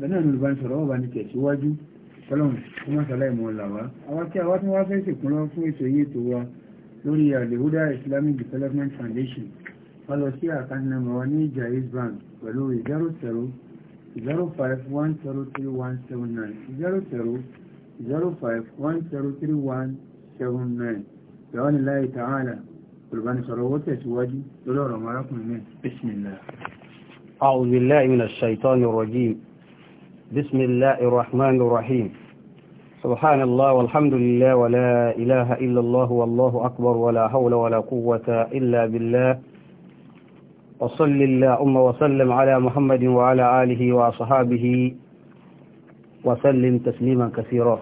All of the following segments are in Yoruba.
bẹ̀rẹ̀ ní olùbánisọ̀rọ̀ ọba ní tẹ̀síwájú fọlọ́n kó má sálà ìmọ̀ ọ̀là wa àwa tí àwa tí wọ́n fẹ́ sèkún lọ fún ètò yìí tó wa lórí àlèhúdà Islamic Development Foundation wọ́n lọ sí àkáńtì nàmbà wa ní Jaiz Bank pẹ̀lú zero zero zero five one zero three one seven nine zero zero zero five one zero three one seven nine bẹ̀rẹ̀ ní láyé tààlà olùbánisọ̀rọ̀ wọ́n tẹ̀síwájú lórí ọ̀rọ̀ ọmọ arákùnrin náà bísí بسم الله الرحمن الرحيم سبحان الله والحمد لله ولا إله إلا الله والله أكبر ولا حول ولا قوة إلا بالله وصل اللهم وسلم على محمد وعلى آله وصحابه وسلم تسليما كثيرا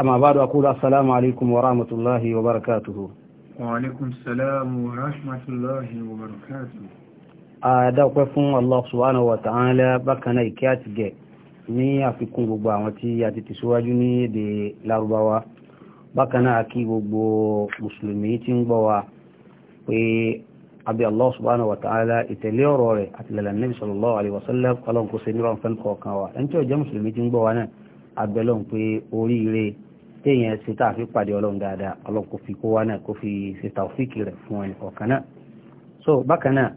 أما بعد أقول السلام عليكم ورحمة الله وبركاته وعليكم السلام ورحمة الله وبركاته أدعوكم الله سبحانه وتعالى بكنا إكيات ní àfikún gbogbo àwọn tí a ti tẹ̀síwájú ní èdè lárúbáwá bákan náà kí gbogbo mùsùlùmí tí ń gbọ́ wa pé abi allah subhanahu wa ta'ala ìtẹ̀lé ọ̀rọ̀ rẹ̀ àti lẹ́la nabi sallallahu alaihi wasallam ọlọ́run kò ṣe ní ọ̀rọ̀ fẹ́ǹkọ̀ kan wa ẹni tí ó jẹ́ mùsùlùmí tí ń gbọ́ wa náà abẹ́lọ́n pé oríire téèyàn ṣe tá a fi pàdé ọlọ́run dáadáa ọlọ́run kò fi kó wa náà kó fi ṣe tàwọ́fíìkì rẹ̀ fún ẹnì kọ̀ọ̀kan náà so bákan náà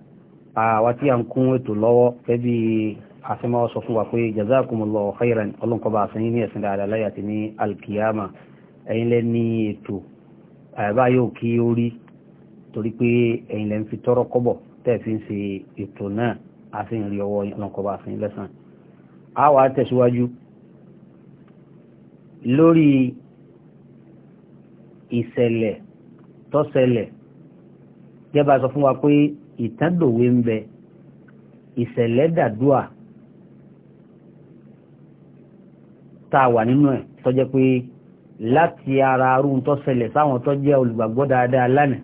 àwa tí a ń kún ètò lọ́wọ́ gẹ́gẹ́ àti máa sọ fún wa pé jazakumullahu khairan ọlọ́nkọba àsanyí ní ẹ̀sìn dáadáa láyà ti ní alkiyama ẹ̀yin lẹ́ ní ètò àyàbá yóò kí ó rí torí pé ẹ̀yin lẹ́ ń fi tọ́rọ́ kọ́bọ̀ tẹ́ẹ̀ fi ń ṣe ètò náà àti ìrìn ọwọ́ ọlọ́nkọba àsanyí lẹ́sàn á wà á tẹ̀síwájú lórí ìṣẹ̀lẹ̀ tọ́ṣẹlẹ̀ jẹ́ bá sọ fún wa pé ìtàndòwe ń bẹ ìṣẹ̀lẹ̀ dàdúà ta a wà nínú ẹ̀ tó jẹ́ pé láti ara arúhun tó ṣẹlẹ̀ sáwọn tó jẹ́ olùgbàgbọ́ dáadáa lánàá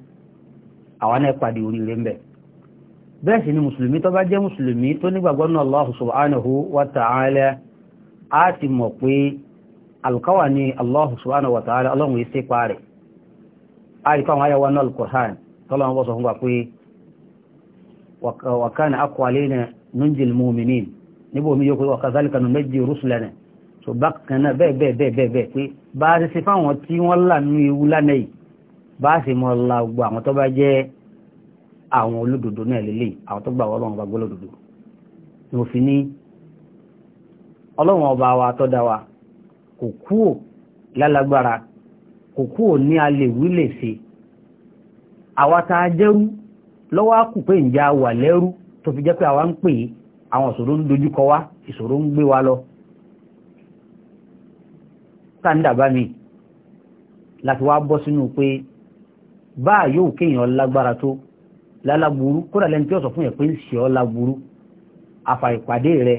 àwa náà pàdé oríire ń bẹ bẹ́ẹ̀ sì ni mùsùlùmí tó bá jẹ́ mùsùlùmí tó nígbàgbọ́ náà Allah subhanahu wa ta'ala á ti mọ̀ pé alkawa ni Allah subhanahu wa ta'ala ọlọ́run yìí sépa rẹ̀ á rí fáwọn ayáwá náà al wa pé wa kana aqwa alaina rusulana so bákan náà bẹ́ẹ̀ bẹ́ẹ̀ bẹ́ẹ̀ bẹ́ẹ̀ bẹ́ẹ̀ pé bá a ṣe ṣe fáwọn tí wọ́n là nínú ewu lánàá yìí bá a ṣe mọ la gbogbo àwọn tó bá jẹ́ àwọn olódodo náà lélẹ̀ àwọn tó gbà wọ́n lọ́wọ́ bá gbólódodo ni mo fi ní ọlọ́wọ́n ọba wa tó dá wa kò kúò lálágbára kò kúò ní a lè lè ṣe àwa tá a jẹ́rú lọ́wọ́ á pé ǹjẹ́ a wà lẹ́rú tó fi jẹ́ pé àwa ń pè é àwọn ìṣòro ń dojúkọ wa ìṣòro ń gbé wa lọ káńdà bá mi láti wá bọ́ sínú pé bá yóò kéèyàn lágbára tó lálágbúrú kódà lẹ́ni tí ó sọ fún yẹn pé ń ṣe ọ́ lágbúrú àfàìpàdé rẹ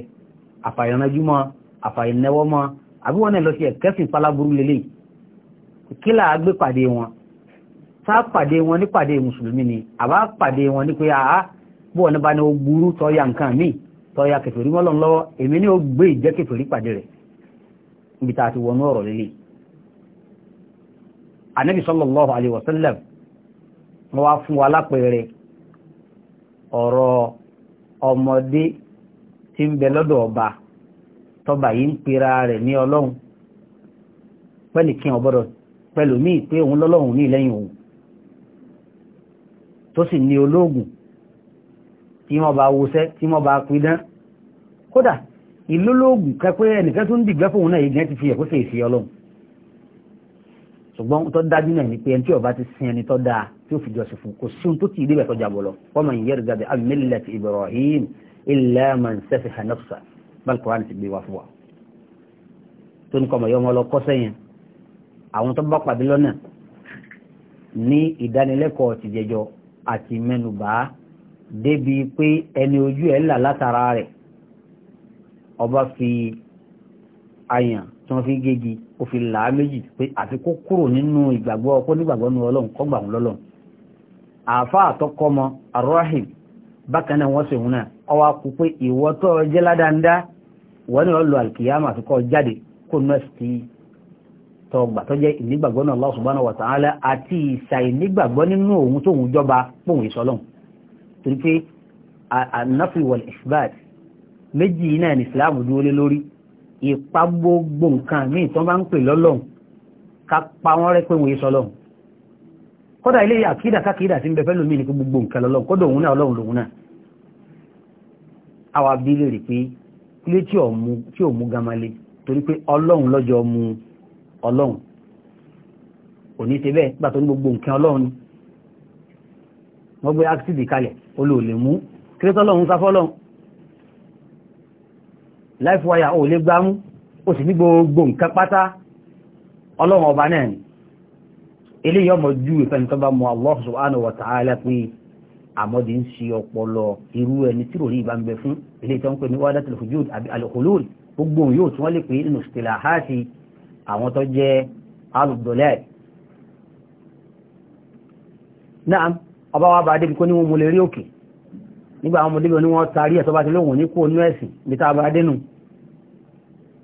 àfàìrànjúmọ́ àfàìnẹwọ́mọ́ àbí wọn náà lọ sí ẹ̀kẹ́sìn pálábúrú lélẹ̀ kí là á gbé pàdé wọn tá pàdé wọn ní pàdé mùsùlùmí ni àbá pàdé wọn ní pé àá bọ́ọ̀ ní bá ní ó burú tọ́ya nǹkan míì tọ́ya kẹfẹ́rí mọ́lọ́n èmi ní ó gbé ìjẹ́ kẹfẹ́rí pàdé rẹ̀ níbi tá a ti wọnú ọ̀rọ̀ anabi sallallahu alayhi wa sallam wọ́n wá fún wa lápẹẹrẹ ọ̀rọ̀ ọmọdé tí ń bẹ lọ́dọ̀ ọba tọba yìí ń pera rẹ̀ ní ọlọ́run pẹ́lú kí ọgbọ́dọ̀ pẹ̀lú míì pé òun lọ́lọ́run ní lẹ́yìn òun tó sì ní olóògùn tí wọ́n bá wọṣẹ́ tí wọ́n bá pidán kódà ìlólógùn kan pé ẹnìkan tó ń dìgbẹ́ fóun náà ìgbẹ́ ti fi ẹ̀kọ́ sí ìfi ọlọ́run ṣùgbọ́n tó dájú náà ni pé ẹni tí ó bá ti sin ẹni tó dáa tí ó fi jọ́sìn fún kò sí ohun tó ti ilé ìbẹ̀ tó lọ wọ́n máa ń yẹ́rù gàdé amílẹ̀tì Ibrahim illa man safiha nafsa bal Qur'an ti gbé wa fún wa tó ní kọmọ yọmọ lọ kọ́ sẹ́yìn àwọn tó bá pàdé lọ́nà ní ìdánilẹ́kọ̀ọ́ ti jẹjọ àti mẹ́nubà débi pé ẹni ojú ẹ̀ là látara rẹ̀ ọba fi ayàn tí wọ́n fi gégi ó fi làá méjì pé àti kó kúrò nínú ìgbàgbọ́ kó nígbàgbọ́ nu ọlọ́run kó gbà wọn lọ́lọ́run àfa àtọkọmọ arahim bákan náà wọ́n sì wọn náà ọwọ́ akú pé ìwọ tó jẹ́ ládàndá wọ́n ní ọlọ́ àlùkìyàmà àti kọ́ jáde kó nọ́ọ̀sì tí tọgbà tó jẹ́ ìnígbàgbọ́ náà Allah subhanahu wa ta'ala àti ìsà ìnígbàgbọ́ nínú òun tóun jọba póun ìsọlọ́hun torí pé an méjì yìí náà ní ìsìláàmù dúró lé lórí ìpa gbogbo nǹkan míì tó bá ń pè lọ́lọ́run ká pa wọ́n rẹ́ pé wọ́n yé sọlọ́run kódà ilé àkídà kákídà sí ń bẹ fẹ́ lómi ní gbogbo nǹkan lọ́lọ́run kódà òun náà ọlọ́run lòun náà àwa bí lè rí pé kílé tí ò mú tí ò mú gamale torí pé ọlọ́run lọ́jọ́ mu ọlọ́run òní ṣe bẹ́ẹ̀ gbà tó ní gbogbo nǹkan ọlọ́run ni wọ́n gbé ákísìdì kalẹ̀ olóòlè mú kírétọ́lọ́run sáfọ́lọ́run life wire ò lè gbámú ó sì ní gbogbo nǹkan pátá ọlọ́run ọba náà ni eléyìí ọmọ ju ìfẹ́ni tó bá mọ Allah subhanahu wa ta'ala pé àmọ́dé ń ṣe ọpọlọ irú ẹni tí ròrí ìbá ń bẹ fún eléyìí tó ń pè ní wahdatul wujud àbí al-hulul gbogbo òun yóò tún wọ́n lè pè nínú istilahati àwọn tó jẹ́ alùdọ́lẹ̀ náà ọba wa bá débi kó ní wọn mo lè rí òkè nígbà àwọn ọmọdébẹ̀ ni wọ́n tarí ẹ̀ bá ti lóhùn ní kó nú ẹ̀sìn níta bá dénú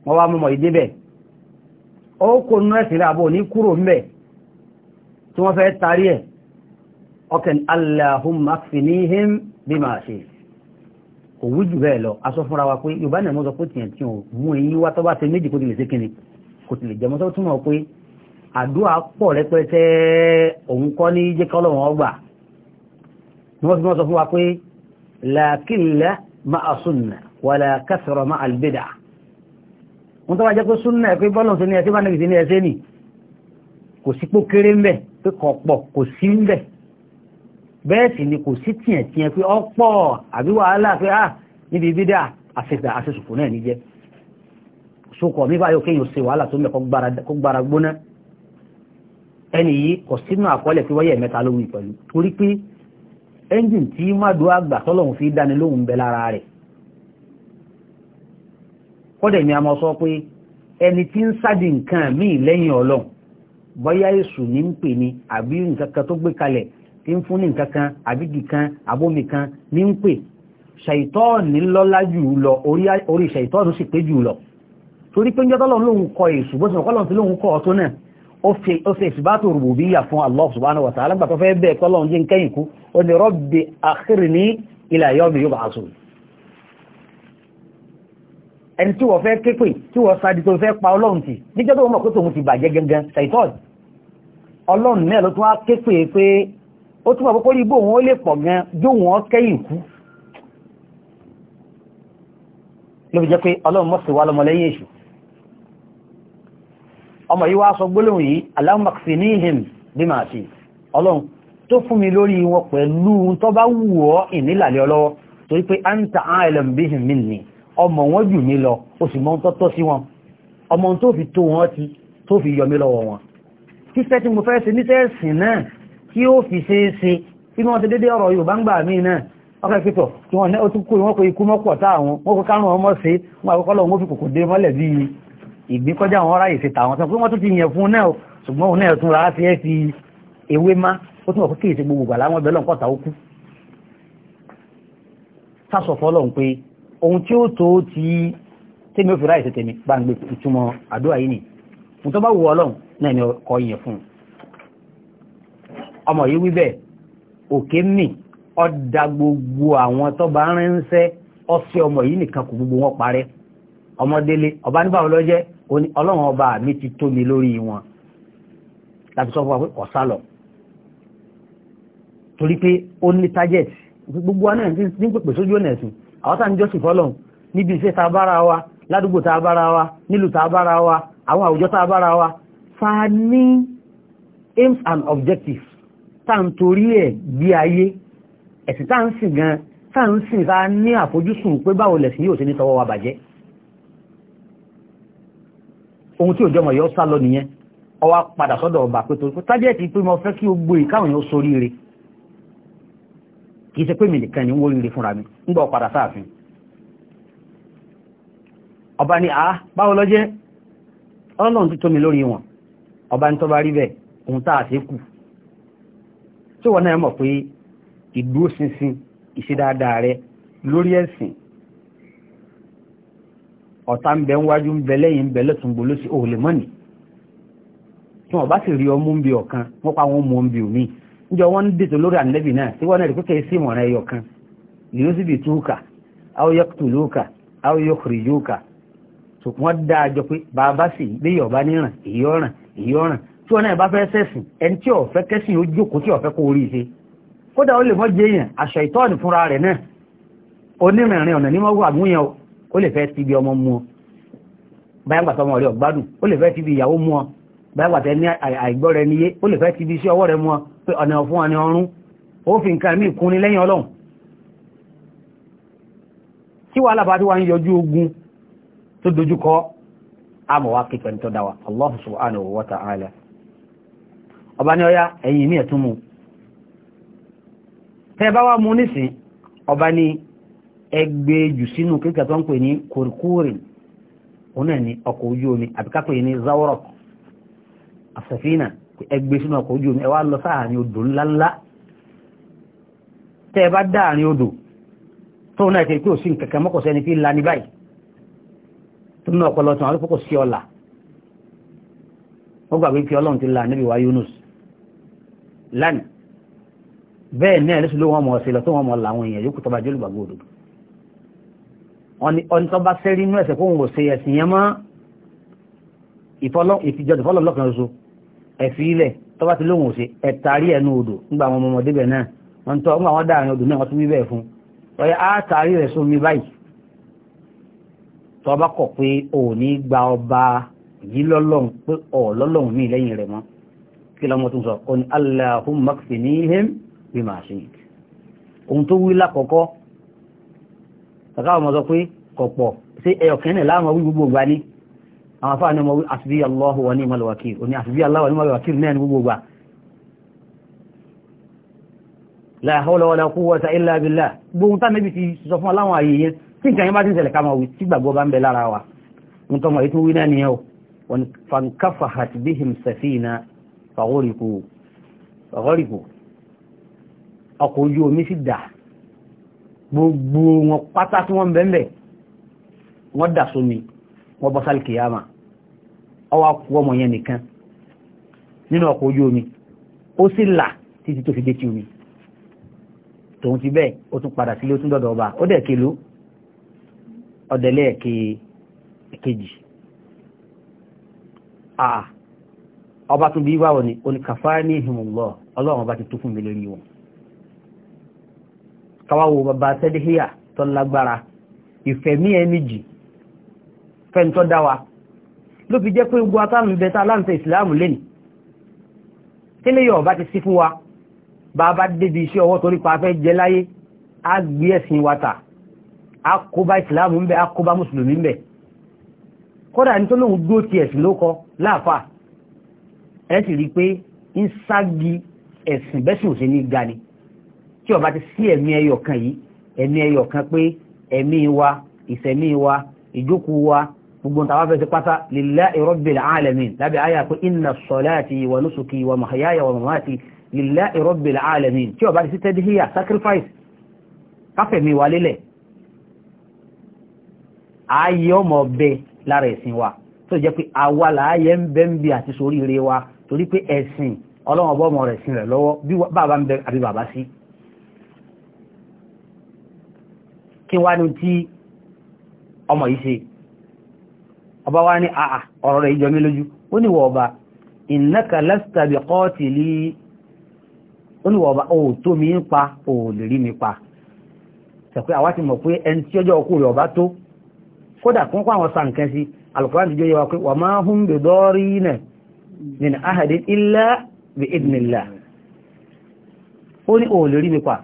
wọ́n wá mọ́mọ́ ìdébẹ̀ ó kò nú ẹ̀sìn rẹ̀ àbò ní kúrò ń bẹ̀ tí wọ́n fẹ́ tarí ẹ̀ ọkàn Allahumma kfinihim bima ṣe kò wú jù bẹ́ẹ̀ lọ aṣọ fúnra wa pé yorùbá náà mọ́ sọ pé tiẹ̀ tí ò mú eyín wá tọ́ bá ṣe méjì kó ti lè ṣe sunna wàlà kásọ̀rọ̀ máa albidà wọ́n tó wá jẹ́ pé súnà ẹ̀ pé bọ́lọ̀ sí ni ẹ̀ tí bá nàbìtì ní ẹ̀ṣẹ́ nì kò sí pó kéré ńbẹ̀ pé kò pọ̀ kò sí ńbẹ̀ bẹ́ẹ̀ sì ni kò sí tiẹ̀ tiẹ̀ pé ọ̀pọ̀ àbí wàhálà pé à ah, níbi bídà àṣẹgbà àṣẹṣùkù náà níjẹ́ sókọ̀ mi báyọ̀ kéèyàn ṣe wàhálà tó mẹ́ kó gbára gbóná ẹni yìí kò sínú àkọọ́lẹ̀ tí wáyé mẹ́ta ló wí pẹ̀lú torí pé ẹ́ńjìn tí má dùn àgbà tọ́lọ́hún fi dáni lóhùn bẹ lára rẹ̀ kọ́dẹ̀ ni a mọ́ sọ pé ẹni tí ń sáàdì nǹkan míì lẹ́yìn ọlọ́run bọ́yá èṣù ní ń pè ní àbí nǹkankan tó gbé kalẹ̀ tí ń fún ní nǹkankan àbídì kan abómi kan ní ń pè ṣàìtọ́ọ̀nì lọ́lá jù lọ orí ṣàìtọ́ọ̀nù sì pé jù lọ torí pé ń jọ́tọ́ lọ́run lóhun kọ èṣù bó ti mọ̀ kọ́lọ́run tí lóhun kọ ọ̀tún náà ó fi ìsìbátò rùbùbíyà fún Allah subhanahu wa ta'ala gbà fẹ́ bẹ́ẹ̀ kọ́lọ́run jẹ́ ń kẹ́yìn kú ó ní rabbi akhirni ila yawmi yub'asun ẹni tí wọ́n fẹ́ képè tí wọ́n sáàdì tó fẹ́ pa ọlọ́run tì níjọ́ tó mọ̀ pé tòun ti bàjẹ́ gangan ṣàìtọ́ọ̀dì ọlọ́run náà ló tún wá képè pé ó túnmọ̀ pé kórí bóun ó lè pọ̀ gan jóun ọ kẹ́yìn kú ló fi jẹ́ pé ọlọ́run mọ̀sí wa lọmọlẹ́yìn èṣù ọmọ yìí wá sọ gbólóhùn yìí aláwọ̀mọ̀kì ní ìhìn bí màá sí ọlọ́run tó fún mi lórí wọn pẹ̀lú tó bá wù ọ́ ìnílàlẹ́ ọlọ́wọ́ torí pé anta a'lam bihim minni ọmọ wọn jù mí lọ o sì mọ́ tọ́tọ́ sí wọn ọmọ tó fi tó wọn ti tó fi yọ mí lọ́wọ́ wọn títẹ́ tí mo fẹ́ ṣe nítẹ́ ẹ̀sìn náà tí ó fi ṣe é ṣe tí wọ́n ti dédé ọ̀rọ̀ Yorùbá ń gbà mí náà ọkọ̀ ìpìtọ̀ tí wọ́n ó tún kó wọn kó ikú mọ́pọ̀ táwọn wọ́n kó kárùn ọmọ sí wọn àkọ́kọ́ lọ́wọ́ fi kòkò dé mọ́lẹ̀ bí ìgbín kọjá àwọn ará ìṣe tàwọn sọ pé wọ́n tún ti yẹn fún náà ṣùgbọ́n òun náà tún ra fi ẹ́ fi ewé má ó tún wọ̀ pé kí èsì gbogbo gbà láwọn ẹbẹ̀ lọ́nkọ̀ta ó kú sásọ̀fọ́ lọ́n pé ohun tí ó tó ti tẹ́mi ó fi ráyè tẹ́tẹ́mi bá ń gbé ìtumọ̀ àdúrà yìí nì mo tó bá wù ọlọ́run náà ni ọkọ yẹn fún un ọmọ yìí wí bẹ́ẹ̀ òkè mì ọ̀dà gbogbo àwọn tó bá ránṣẹ́ ọ̀sẹ̀ ọmọ yìí nìkan kò gbogbo wọn parẹ́ ọmọdélé ọba nígbà wọn lọ́jẹ́ ọlọ́run ọba mi ti tó mi lórí wọn láti sọ fún wa pé ọ̀sá lọ torí pé ó ní target gbogbo wa náà ti ń pèpè sójú ọ̀nà ẹ̀sìn àwọn tá ń jọ́sìn fọ́lọ́hun níbi iṣẹ́ ta bára wa ládùúgbò ta bára wa nílùú ta bára wa àwọn àwùjọ ta bára wa fa ní aims and objectives tá ń torí ẹ̀ bí ayé ẹ̀sìn tá ń sìn gan tá ń sìn ta ní àfojúsùn pé báwo lẹ̀sìn yóò ṣe ní tọwọ́ wa bàjẹ́ ohun tí òjọmọ̀ yọ sá lọ nìyẹn ọwá padà sọ́dọ̀ ọba pé torí pé tájẹ́ẹ̀tì pé mo fẹ́ kí gbogbo ìkáwọn yóò soríire kìí ṣe pé mi nìkan ni wó rire fúnra mi ń gbọ́ padà sáàfin ọba ni àá báwo lọ jẹ́ ọlọ́run tó tómi lórí wọn ọba ní tó bá rí bẹ́ẹ̀ ohun táà sí kù tí wọ́n náà mọ̀ pé ìdúró ṣinṣin ìṣedáadáa rẹ lórí ẹ̀sìn ọ̀tá ń bẹ ń wájú ń bẹ lẹ́yìn ń bẹ lọ́tùngbò lọ́sí òòlè tí wọ́n bá sì rí ọmú ń bi ọ̀kan wọ́n pa wọn mú ń bi òmíì níjọ wọ́n ń dètò lórí ànẹ́bì náà tí wọ́n náà rí kókè sí ìmọ̀ràn ẹyọ kan yóò sì bí túkà áwòyọ́kùtùlókà áwòyọ́kùrìyókà tó wọ́n dá àjọ pé bàbá sì bí yọ̀bá níràn ìyọ́ràn ìyọ́ràn tí wọ́n náà bá fẹ́ sẹ̀sìn ẹni tí ó fẹ́ kẹ́sìn ó jókòó tí ó fẹ́ kó orí ṣe kódà ó lè mọ́ jẹ èèyàn àṣọ ìtọ́ọ̀nì fúnra rẹ̀ náà onírìnrìn ọ̀nà ní wọ́n wà múyàn ó lè fẹ́ ti bí ọmọ mú ọ báyà gbàtọ́ ọmọ rẹ̀ ọ̀gbádùn ó lè fẹ́ ti bí ìyàwó mú ọ báyà gbàtọ́ ẹni àìgbọ́ rẹ̀ níyé ó lè fẹ́ ti bí iṣẹ́ ọwọ́ rẹ̀ mú ọ pé ọ̀nà ọ̀fún àni ọrún ó fi nǹkan mí kún ní lẹ́yìn ọlọ́run tí wà lábàá tí wà ń yọjú ogun tó dojúkọ àmọ̀wá kíkẹ́ tó dáwà Allah subhanahu wa ta'ala ọba ọkọ̀ ojú omi àbíkápẹ̀ ní zawarok asafina ẹgbẹ́ sínú ọkọ̀ ojú omi ẹ wá lọ sáàrin odò ńláńlá tẹ́ bá dáàrin odò tó náà ti pé òsín kẹ̀kẹ́ mọ́kọ̀sẹ́ ni fi ńlá ní báyìí tó ní ọpọlọ tí wọn àlùfọ́kọ̀ sí ọ̀la ó gbàgbé pé ọlọ́run ti la Yunus lánìí bẹ́ẹ̀ náà lóṣù ló wọ́n mọ̀ ọ̀sẹ̀ lọ tó wọ́n mọ̀ làwọn èèyàn yókù tọ́ba jẹ́ olùgbàgbọ́ òdodo ọ̀nì tó ẹ̀fí ilẹ̀ tó bá ti lóhùn òṣè ẹ̀tàrí ẹnu odò nígbà àwọn ọmọdé bẹ̀ náà wọ́n tọ́ nígbà wọ́n dáàrin odò náà wọ́n tún wí bẹ́ẹ̀ fún ọyẹ àtàrí rẹ̀ sómi báyìí tó bá kọ̀ pé ò ní gba ọba yìí lọ́lọ́run pé ọ̀ lọ́lọ́run mí lẹ́yìn rẹ̀ mọ́ kí lọ́mọ tún sọ ọ ní Allahumma kfinihim bima shi'ta ohun tó wí lákọ̀ọ́kọ́ kàkà ọmọ sọ pé kọ̀pọ̀ sí ẹyọ̀kẹ́nẹ̀ àwọn afáà ní ọmọ wí àṣìbí aláwọ̀ wà ní ìmọ̀lẹ̀wàkìr òní àṣìbí aláwọ̀ ní ìmọ̀lẹ̀wàkìr náà ní gbogbo gbà la hawla wala quwwata illa billah gbogbo tá níbi ti sọ fún aláwọn ààyè yẹn gbogbo wọn pátá tí wọ́n bẹ́ẹ̀ wọ́n dà sómi wọ́n bọ́ sálì ọwọ́ akú ọmọ yẹn nìkan nínú ọkọ̀ ojú omi ó sì là títí tó fi dé ti omi tòun ti bẹ́ẹ̀ ó tún padà sílé ó tún dọ̀dọ̀ ọba ó dẹ̀ kelo ọ̀dẹ̀lẹ̀ kejì ọba tún bí wáwọ̀ ni oníkàfá ní ìhìmọ̀lọ́ ọlọ́run ọba ti tó fún mi lórí wọn káwáwo bàbá sẹ́díhíyà tó ìfẹ̀mí ẹni jì fẹ́ntọ́ dáwàá ló fi jẹ́ pé gbogbo atánù bẹta láǹtẹ̀ ìsìláàmù lẹ́nì tí lè yọ̀ọ̀bá ti sí fún wa bá bá débi iṣẹ́ ọwọ́ torí pa fẹ́ jẹ láyé a gbé ẹ̀sìn wa tà a kó bá ìsìláàmù ń bẹ a kó bá mùsùlùmí ń bẹ kódà ní tó dó ti ẹ̀sìn ló láàfà ìjókòó wa gbogbo tàwa fẹ́ sí pátá lillahi rabbil alamin lábẹ́ àyà pé inna salati wa nusuki wa mahayaya wa mamati lillahi rabbil alamin tí ó bá ti sí tẹ́díhíyà sacrifice káfẹ̀mí wa lélẹ̀ ayé ọmọ ọmọ yìí ṣe ọba wá ní àà ọ̀rọ̀ rẹ̀ ìjọ mi lójú ó ní wọ ọba ìnáka lásìtàbí kọ́ọ̀tì lé ó ní wọ ọba ó tó mi ń pa ó lè rí mi pa tẹ̀pẹ́ àwa ti mọ̀ pé ẹni tí ọjọ́ ọkùnrin ọba tó kódà kún kó àwọn sànkẹ́ sí alùpùpù àti ìjọyẹ wa pé wà máa hún bè dọ́rí nẹ̀ nínú ahàdé ilá bí ìdìnnìlá ó ní òòlè rí mi pa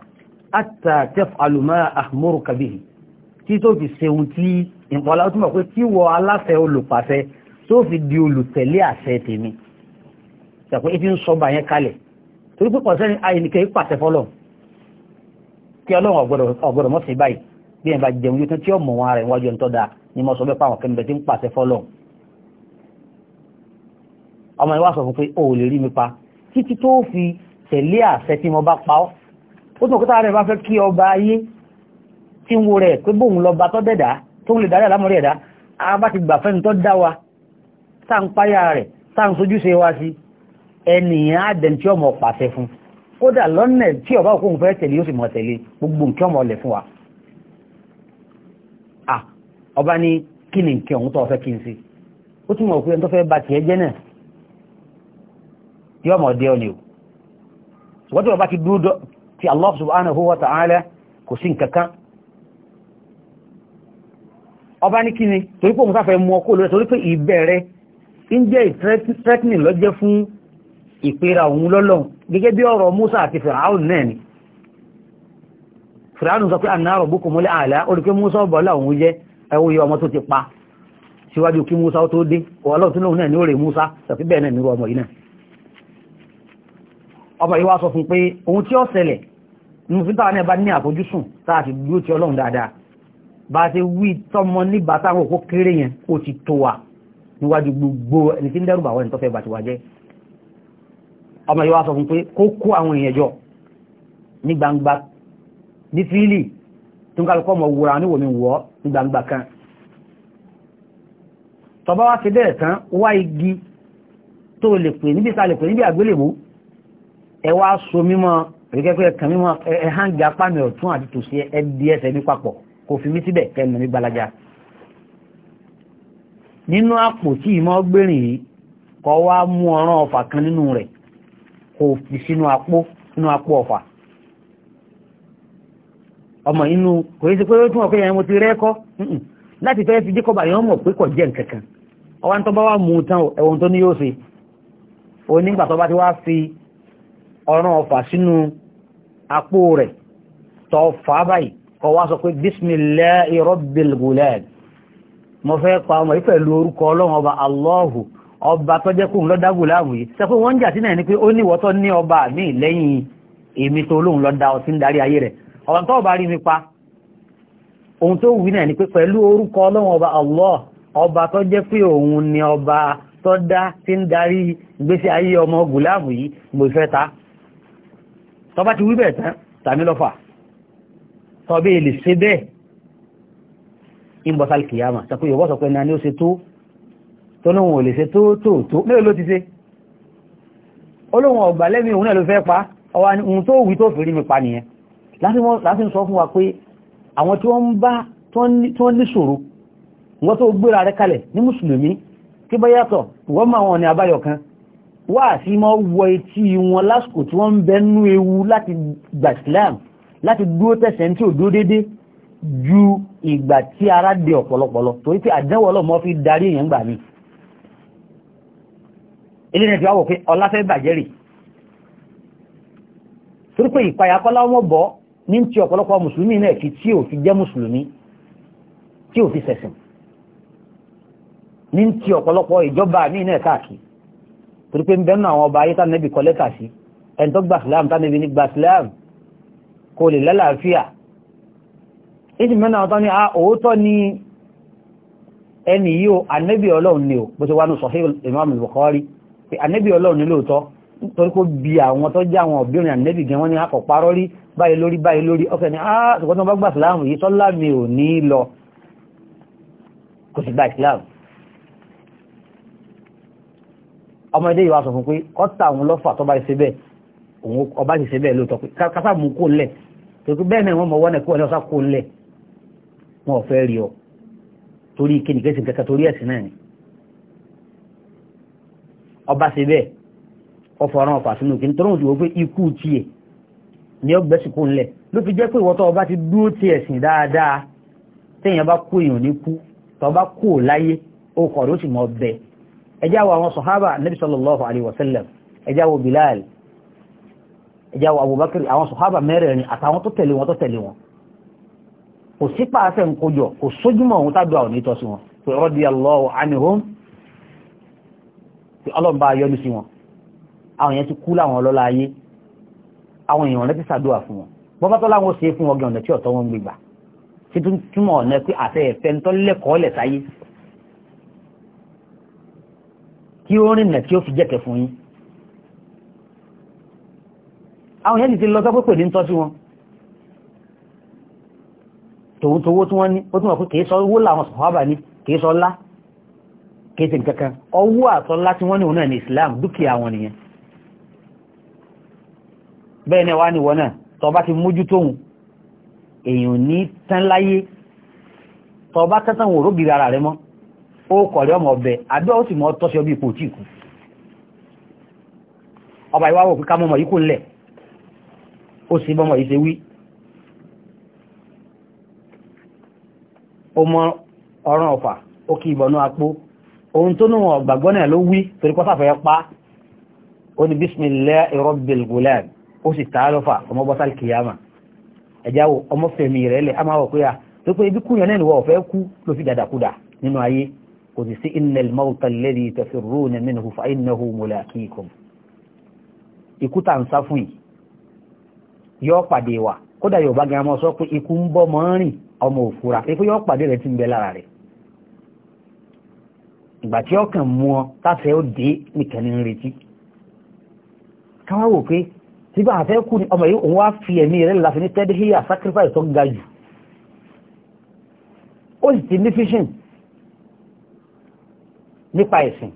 àtà tẹ́f àmúrù kàbíyì tí fi ṣeun tí ìpọ̀lá ó túnbọ̀ pé kí wọ aláṣẹ olùpàṣẹ tó fi di olùtẹ̀lé àṣẹ tèmi ṣàpé ibi ń sọba yẹn kalẹ̀ torí pípọ̀ sẹ́ni àìníkẹ́ pàṣẹ fọ́lọ̀ kí ọlọ́run ọ̀gbọ́dọ̀ mọ́ sí báyìí bí ẹ̀ bá jẹun yóò tán tí ó mọ̀ wọn ara ìwájú ẹni tó dáa ni mo sọ bẹ́ẹ̀ pàwọn kẹ́mi bẹ́ẹ̀ tí ń pàṣẹ fọ́lọ̀ ọmọ ìwà sọ fún pé o ò lè rí mi pa títí tó fi tẹ̀lé àṣẹ tí mo bá pa ọ́ ó tún kó a rẹ̀ bá fẹ́ kí ọba ayé tí ń wo rẹ̀ pé bóun lọ tọ́ dẹ̀dá tó ń lè darí àlámọ̀rí a bá ti gbà fẹ́ni tó dá wa sáà ń páyà rẹ̀ wa si sojúṣe wa sí ẹnìyàn àdẹ̀n tí ọmọ pàṣẹ da kódà lọ́nà ọba oku fẹ́ tẹ̀lé yóò sì mọ̀ gbogbo nke ọmọ ọlẹ̀ fun wa ọba n sí ó túnmọ̀ òkú o ṣùgbọ́n tí ọba ti ti Allah subhanahu wa ta'ala kaka. ọba ní kíni torí pé òun sáfẹ́ mú ọkọ̀ lórí torí pé ìbẹ̀rẹ̀ ń jẹ́ ìtẹ́tìnì lọ́jẹ́ fún ìpera òun lọ́lọ́run gẹ́gẹ́ bí ọ̀rọ̀ Musa àti Fìràún náà ni Fìràún sọ pé àná ọ̀rọ̀ búkú Musa ọba láwọn jẹ́ ẹwọ́ iye ọmọ tó ti Musa ó tó dé ọlọ́run tó Musa sọ̀fí bẹ́ẹ̀ náà nírú ọmọ yìí náà ọba yìí wá sọ fún pé ohun tí ó ṣẹlẹ̀ nínú fíntà náà bá ní àfojúsùn tá a ti ti ọlọ́run dáadáa bá ti wí tọmọ ní bàtà àwọn òkú kéré yẹn ó ti tó wa níwájú gbogbo ẹni tí ń dẹ́rù bàwọ́ ẹni tó fẹ́ bàtí wà jẹ́ ọmọ yóò wá sọ fún pé kó kó àwọn èèyàn jọ ní gbangba ní fíìlì tó ń kálukọ́ ọmọ wúra níwò mi wọ́ ní gbangba kan tọba wá ti bẹ́ẹ̀ tán wá igi tó lè pè níbi ta lè pè níbi àgbélébú ẹ wá so mímọ ẹ̀kẹ́kẹ́ kan mímọ ẹ̀ hàn gapá mi ọ̀tún àti tòsí ẹ̀ di ẹsẹ̀ ní papọ̀ kò fi mí síbẹ̀ ní balaja nínú àpò tí ìmọ̀ yìí kọ mú ọ̀rán ọfà kan nínú rẹ̀ kò fi sínú àpò sínú ọfà ọmọ inú kò sí pé ó tún ọ̀pẹ́ yẹn mo ti láti fẹ́ fi díkọ̀ mọ̀ pé jẹ́ tó bá wà mú tán ẹ̀wọ̀n tó ní yóò ṣe nígbà tó bá ti wá fi ọ̀rán ọfà sínú rẹ̀ fà kọ wá sọ pé bismillahi rabbil gulad mo fẹ́ pa ọmọ yìí pẹ̀lú orúkọ ọlọ́run ọba allahu ọba tó jẹ́ kóhun lọ́dá gùláàmù yìí sọ pé wọ́n ń jà sí náà ni pé ó ní ìwọ́tọ́ ní ọba mi lẹ́yìn èmi tó lóhun lọ́dá ọtí ń darí ayé rẹ̀ ọ̀rọ̀ tó ọba rí mi pa ohun tó wí náà ni pé pẹ̀lú orúkọ ọlọ́run ọba allah ọba tó jẹ́ pé òun ni ọba tó dá tí ń darí ìgbésí ayé ọmọ gùláàmù yìí mo fẹ́ ta tọ́ba ti wí bẹ́ẹ̀ tán tàmí lọ́fà tọ́bí ilẹ̀ ṣe bẹ́ẹ̀ ìbọ̀sálì kìyàmà sọ pé yọ̀bọ̀ sọ pé ní ó ṣe tó tọ́lọ́hun ò lè ṣe tó tó tó mẹ́rin ló ti ṣe olóhun ọ̀gbà lẹ́mí òun náà ló fẹ́ pa ọwá ní ohun tó wí tó fèrí mi pa nìyẹn láti sọ fún wa pé àwọn tí wọ́n ń bá tí láti dúró tẹ̀sẹ̀ tí ò dúró dédé ju ìgbà tí ara dé ọ̀pọ̀lọpọ̀lọ torí pé àdánwò ọlọ́mọ fi darí èèyàn gbà mí ilé ní fi wáwọ̀ pé ọlá fẹ́ bàjẹ́ rè torí pé ìpayà kọ́lá ọmọ bọ́ ní ti ọ̀pọ̀lọpọ̀ mùsùlùmí náà fi tí ò fi jẹ́ mùsùlùmí tí ò fi sẹ̀sìn ní ti ọ̀pọ̀lọpọ̀ ìjọba mi náà káàkiri torí pé ń bẹ́nu àwọn ọba ayé tánẹ́bì kọ́lẹ́tà sí ẹni tó gbà síláàmù ní gbà kò lè lálàáfíà ìsì mẹ́nà ọ̀tọ́ ni a ah, òótọ́ ni ẹni yíò anẹ́bí ọlọ́run ni ò bó ti wá ní Sahih Imam Bukhari pé anẹ́bí ọlọ́run ni lóòótọ́ torí kó bí àwọn tó jẹ́ àwọn obìnrin anẹ́bí gan wọ́n ni akọ̀ parọ́ rí báyìí lórí báyìí lórí ọkẹ̀ ni ah ṣùgbọ́n tó bá gbà síláàmù yìí tọ́lá mi ò ní lọ torí bẹ́ẹ̀ náà wọ́n mọ̀ wọ́n ẹ̀kọ́ ọ̀lẹ́ọ̀sá kó ńlẹ̀ wọn ò fẹ́ rí ọ torí kíni kẹsì kẹta torí ẹ̀sìn náà ni ọba ṣe bẹ́ẹ̀ ọfọ ọ̀rọ̀ ọ̀fà sínú kí n tọ́rọ̀ òjò pé ikú tiẹ̀ ni ó gbẹ́sì kó ńlẹ̀ ló fi jẹ́ pé ìwọ́tọ̀ ọba ti dúró ti ẹ̀sìn dáadáa téèyàn bá kú èèyàn ní kú tọ́ kú ò láyé ó kọ̀ ló sì mọ ẹjá wo àwọn sọ̀hábà nabi sallallahu alayhi ẹjá wo bilal ẹjá wa Abubakar àwọn sọ̀hábà mẹ́rẹ̀ẹ̀rin àtàwọn tó tẹ̀lé wọn tó tẹ̀lé wọn kò sí pàṣẹ ń kójọ kò sójúmọ̀ òun tàbí àwọn onítọ́ sí wọn pé radiyallahu anhum pé Ọlọ́run bá yọ́nú sí wọn àwọn yẹn ti kú láwọn ọlọ́lá ayé àwọn èèyàn rẹ̀ ti ṣàdúrà fún wọn bọ́bátọ́ láwọn ṣe fún ọgẹ̀ ọ̀nà tí ọ̀tọ́ wọn gbégbà tí tún túmọ̀ ọ̀nà pé àṣẹ ẹ̀fẹ́ ń tọ́lẹ́kọ̀ọ́ lẹ̀ sáyé kí ó rìnà tí ó fi jẹ́kẹ̀ fún yín àwọn yẹn ti lọ sọ pé pè ní tọ́ sí wọn tòun tówó tí wọ́n ní ó túnmọ̀ pé kìí sọ owó làwọn sọ̀hábà ní kìí sọ ọlá kìí ṣe nǹkankan ọwọ́ àtọ́lá tí wọ́n ní òun náà ní Islam dúkìá wọn nìyẹn bẹ́ẹ̀ náà wá ní wọn náà tó bá ti mójú tóhun èèyàn ní tán láyé tó bá tẹ́tàn wòró gírí ara rẹ mọ́ ó kọ̀rẹ́ ọmọ ọbẹ̀ àbí ó sì mọ́ tọ́sí ọbí ipò tí ìkú ọba ìwáwò pé ká mọ́ mọ̀ yìí kò ó sì bọ́mọ̀ ìṣe wí ó mọ ọ̀ràn ọ̀fà ó kí ìbọnú apó ohun tó níwọ̀n ọ̀gbàgbọ́ náà ló wí torí pọ́sàfẹ́ pa ó ní bísmìlẹ́ ìrọ́bìl gulam ó sì tàá lọ́fà ọmọ bọ́sàl kìyàmà ẹ̀já ọmọ fẹ̀mí rẹ̀ lẹ̀ á máa wọ̀ pé à tó pé ibi kúyàn náà ni wọ́n fẹ́ kú ló fi dàdàkúdà nínú ayé kò sì sí innal mawta alladhi tafirruna minhu fa innahu mulaqikum ikú tà ń sá fún yìí yọ́ pàdé wa kódà yóò bá gẹ́ ọmọ sọ pé ikú ń bọ́ mọ́ rìn ọmọ òfura pé yọ́ pàdé rẹ̀ ti ń bẹ lára rẹ̀ ìgbà tí ọkàn mú ọ táfẹ́ ó dé nìkan ní retí káwá pé tí bá àfẹ́ kú ni ọmọ yìí òun wá fi ẹ̀mí rẹ̀ láfi ní tẹ́díhíyà sacrifice tó ga jù ó sì ti ní fishing nípa ẹ̀sìn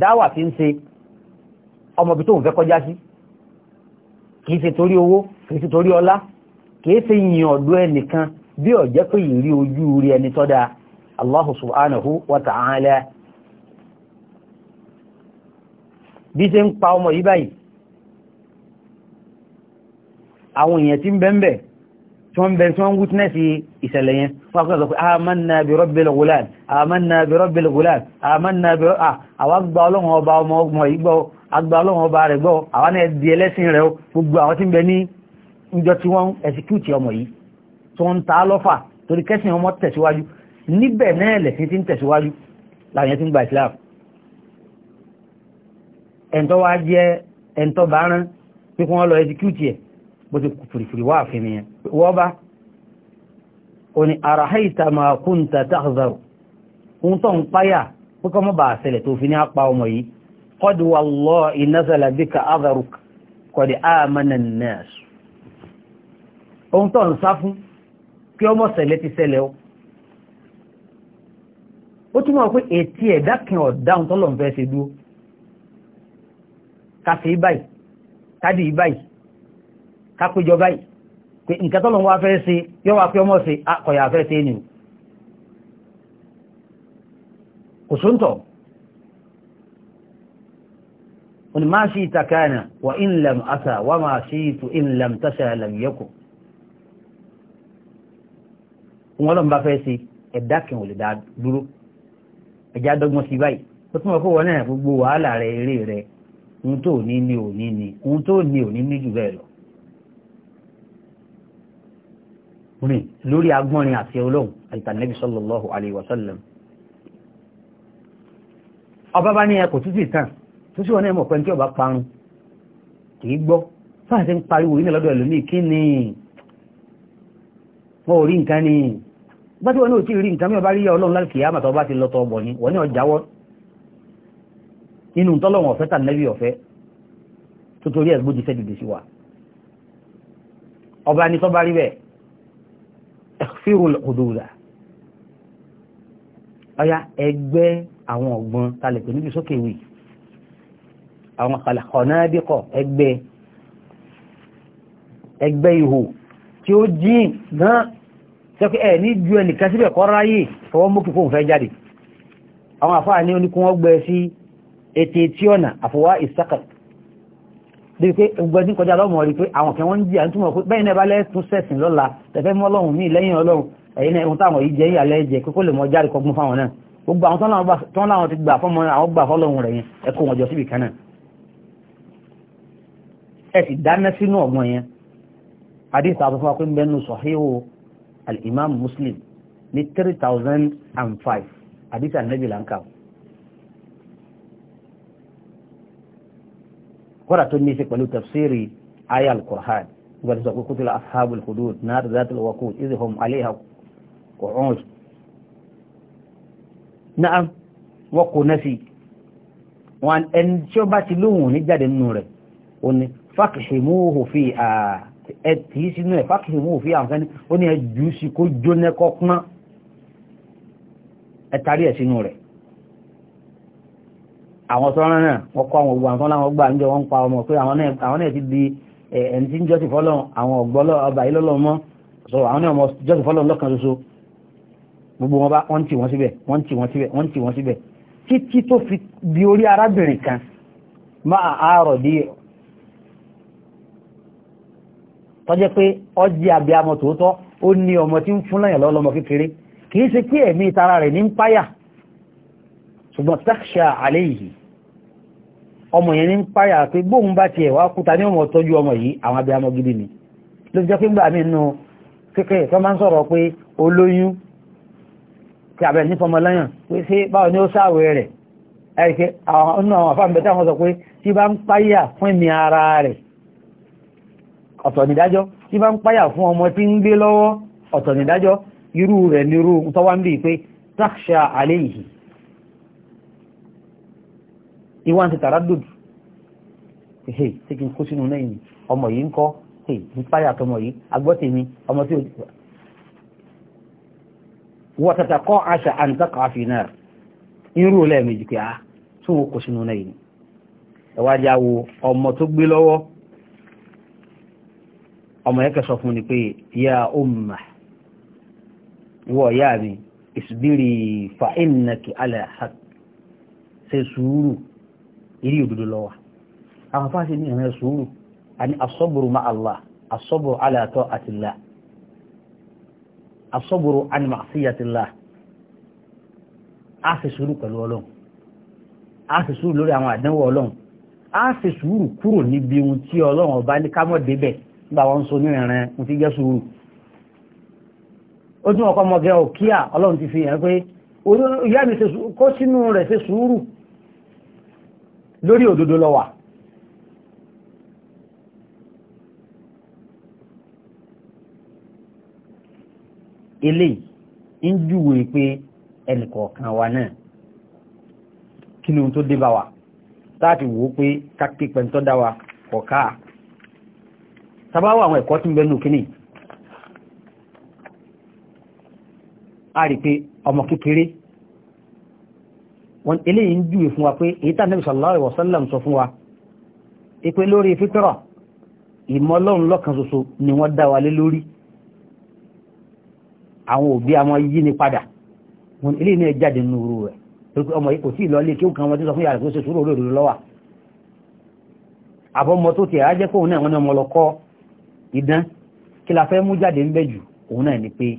dáwà fi ń ṣe ọmọbi tó ń fẹ́ kọjá sí kìí ṣe torí owó kìí ṣe torí ọlá kìí ṣe yìn ọ̀dọ́ ẹnìkan bí ó jẹ́ pé rí ojú rí ẹni tọ́dá dáa Allahu subhanahu wa ta'ala bí ṣe ń pa ọmọ yìí báyìí àwọn èèyàn tí ń bẹ́ńbẹ̀ẹ́ tí wọ́n bẹ̀rẹ̀ tí wọ́n witness ìṣẹ̀lẹ̀ yẹn fún akọ́sọ̀ pé amanna bi rabbil gulam amanna bi rabbil gulam amanna bi rọ́ ah, àwọn agbá ọlọ́run ọba ọmọ ọmọ ìgbọ́ agbá ọlọ́run ọba rẹ̀ gbọ́ àwọn náà di ẹlẹ́sìn rẹ̀ gbogbo àwọn tí ń bẹ ní ìjọ tí wọ́n execute ọmọ yìí tó ń ta lọ́fà torí kẹ́sìn ọmọ tẹ̀síwájú níbẹ̀ náà lẹ̀sìn ti ń tẹ̀síwájú láwọn yẹn ti ń gba Islam ẹ̀ńtọ́ wá jẹ́ ẹ̀ńtọ́ bá rán pé kí wọ́n lọ execute ẹ̀ bó ti fìrìfìrì wá àfihàn yẹn wọ́bá o ni àràháìta ma kúnta tààzàrò ń tọ́ ń páyà púpọ̀ mọ́ bá àṣẹlẹ̀ tó fi ní apá ọmọ yìí kọ́dù wà lọ ìnásàlà bí ka àzàrò kọ̀dì àmàna nẹ́ẹ̀sù ohun tọ́ ń sá fún kí ọmọ pé nǹkan tọ́lọ̀ wá fẹ́ ṣe yọ́ wá pé ọmọ ṣe akọ̀yà ah, fẹ́ ṣe ni kò sóńtọ̀ òní máa ṣe ìtàkàánà wà in lam wà máa ṣe ìtù in lam tasha lam yakun wọn lọ́n bá fẹ́ ṣe ẹ̀dá kí wọ́n lè dá dúró ẹ̀já dọ́gbọ́n sí báyìí ó túnmọ̀ kó wọn náà gbogbo wàhálà rẹ̀ eré rẹ̀ ohun tó ní ní òní ni ohun tó ní òní ní jù bẹ́ẹ̀ lọ rìn lórí agbọ́nrin àti olóhùn àìtànẹ́bí sallallahu alaihi wasallam ọba bá ní ẹkọ̀ títì tàn tó sì wọ́n náà mọ̀ pẹ́ tí ọba parun kìí gbọ́ fáàtí ń pariwo yìí lọ́dọ̀ ẹ̀lú ní kí ni wọ́n ò rí nǹkan ni bá tí wọ́n náà ti rí nǹkan mi ọba rí ọlọ́run láti kìí àmàtà ọba ni tó bá rí bẹ́ẹ̀ takfirul hududa ọya ẹgbẹ́ àwọn ọ̀gbọ́n talẹ̀ pé níbi sókè wì àwọn kọ̀nàdíkọ̀ ẹgbẹ́ ẹgbẹ́ ihò tí ó jíìn náà sẹ́kọ̀ ẹ̀ ní ju ẹnìkan síbẹ̀ kọ́ ráyè fọwọ́ mú kí fóun fẹ́ jáde àwọn àfáà ní oníkún ọgbẹ́ sí ètè tí ọ̀nà àfọwá ìsákàt débi pé gbogbo ẹdín kọjá lọ́mọ rí pé àwọn kẹwọn ń jìyà ń túmọ̀ pé bẹ́ẹ̀ náà bá lẹ́sùn sẹ̀sìn lọ́la tẹ̀fẹ́ mọ́ ọlọ́run mí lẹ́yìn ọlọ́run ẹ̀yin náà ohun táwọn yìí jẹ́ ìyàlẹ́ jẹ kókó lè mọ járe kọgbọ́n fáwọn náà gbogbo àwọn tán láwọn ti gbà fọmọ àwọn gbà fọlọ́run rẹ̀ yẹn ẹ kó wọn jọ hadith al-imam muslim ní three thousand and five hadith kódà tó ní í ṣe pẹ̀lú tafsiri aya al-Qur'an nígbà tó sọ pé kutila ashabul hudud nar zatul waqud idh hum alayha qu'ud na'am wọ́n kò náà sí wọn ẹni tí ó bá ti lóhùn ní jáde nínú rẹ̀ ó ní fákìhìmúhù fi ẹtì sínú ẹ̀ fákìhìmúhù fi àwọn fẹ́ni ó ní ẹjù sí kó jóná kọ́ pọ́n ẹ̀tàrí ẹ̀ sínú rẹ̀ àwọn sọ́rọ́ náà wọ́n kọ́ àwọn ogun àwọn láwọn gbà ń jọ wọ́n pa ọmọ pé àwọn náà ti di ẹni tí ń jọ́sìn fọ́lọ́ àwọn ọ̀gbọ́lọ́ ọba yìí lọ́lọ́ mọ́ sọ àwọn náà mọ jọ́sìn fọ́lọ́ lọ́kàn ṣoṣo gbogbo wọn bá wọ́n tì wọ́n síbẹ̀ wọ́n tì wọ́n síbẹ̀ wọ́n tì wọ́n síbẹ̀ títí tó fi di orí arábìnrin kan máa àárọ̀ dé tọ́jẹ́ pé ọjí abiyamọ tòótọ́ ó ní ọmọ tí ń fún lẹ́yìn lọ́lọ́mọ kékeré kì í ṣe pé ẹ̀mí tara rẹ̀ ní ń páyà ṣùgbọ́n tẹ́ṣà àléyìí ọmọ yẹn ní ń páyà pé gbóhun bá tiẹ̀ wá kúta ní ọmọ tọ́jú ọmọ yìí àwọn abiyamọ gidi ni ló jẹ́ pé gbà mí nù kékeré tó máa ń sọ̀rọ̀ pé olóyún kí abẹ́ ní fọmọ lẹ́yìn pé ṣé báwo ni ó sáwẹ̀ rẹ̀ ẹ̀kẹ́ àwọn ọ̀nà àwọn afáàmì bẹ́tẹ̀ àwọn sọ pé tí bá ń páyà fún ẹ̀mí ara rẹ̀ ọ̀tọ̀ nídájọ́ tí bá ń páyà fún ọmọ tí ń gbé lọ́wọ́ ọ̀tọ̀ nídájọ́ irú rẹ̀ nírú tọ́wá ń bì pé táṣà àléyìí ìwọ́n ti tàrà dùdù ṣe ṣe kí n kó sínú náà yìí ọmọ yìí ń kọ́ ṣe ìpáyà tọmọ yìí agbọ́tẹ̀mí ọmọ tí ó ah, wọ́n tàtà kọ́ àṣà àǹtakà àfihàn irú lẹ́ẹ̀mejì pé a ni pé ya umma ìwọ ṣe sùúrù ìrí òdodo lọ wa àwọn fáṣe ní ìrìn sùúrù àní asọ́bùrù ma Allah asọ́bùrù aláàtọ́ àtìlá asọ́bùrù anìmọ̀ àfíyàtìlá a fi sùúrù pẹ̀lú ọlọ́run a fi sùúrù lórí àwọn àdánwò ọlọ́run a fi sùúrù kúrò níbi ohun tí ọlọ́run ọba ní kámọ́ débẹ̀ nígbà wọn ń so ní ìrìn mo ti jẹ́ sùúrù ó tún ọkọ̀ ọmọge ọ̀kíà ọlọ́run ti fi hàn pé ìyá mi kó sínú rẹ̀ ṣe sùúrù lórí òdodo ló wà eléyìí ń júwe pé ẹnìkọ̀ọ̀kan wa náà kí ni ohun tó dé bá wa láti wò ó pé káké pẹ̀ntọ́ dá wa kọ̀ọ̀ká sábáwọ̀ àwọn ẹ̀kọ́ tí ń bẹ́nu kíní a rí pé ọmọ kékeré wọn eléyìí ń júwe fún wa pé èyí tá nẹ́bí sallallahu alaihi wasallam sọ fún wa ipe lórí fítọ́rọ̀ ìmọ̀ lọ́kan ṣoṣo ni wọ́n dá wa lé lórí àwọn òbí àwọn yí ni padà wọn eléyìí ní ẹjáde nínú òru rẹ̀ pé ọmọ yìí kò sí ìlọlé kí ó kan wọn tí sọ fún yàrá tó ṣe sùúrù olóòrò lọ́wà àbọ̀mọ tó ti àájẹ́ kóun náà wọn ni ọmọ lọ kọ́ ìdán kí la fẹ́ mú jáde ń bẹ̀ jù òun náà ni pé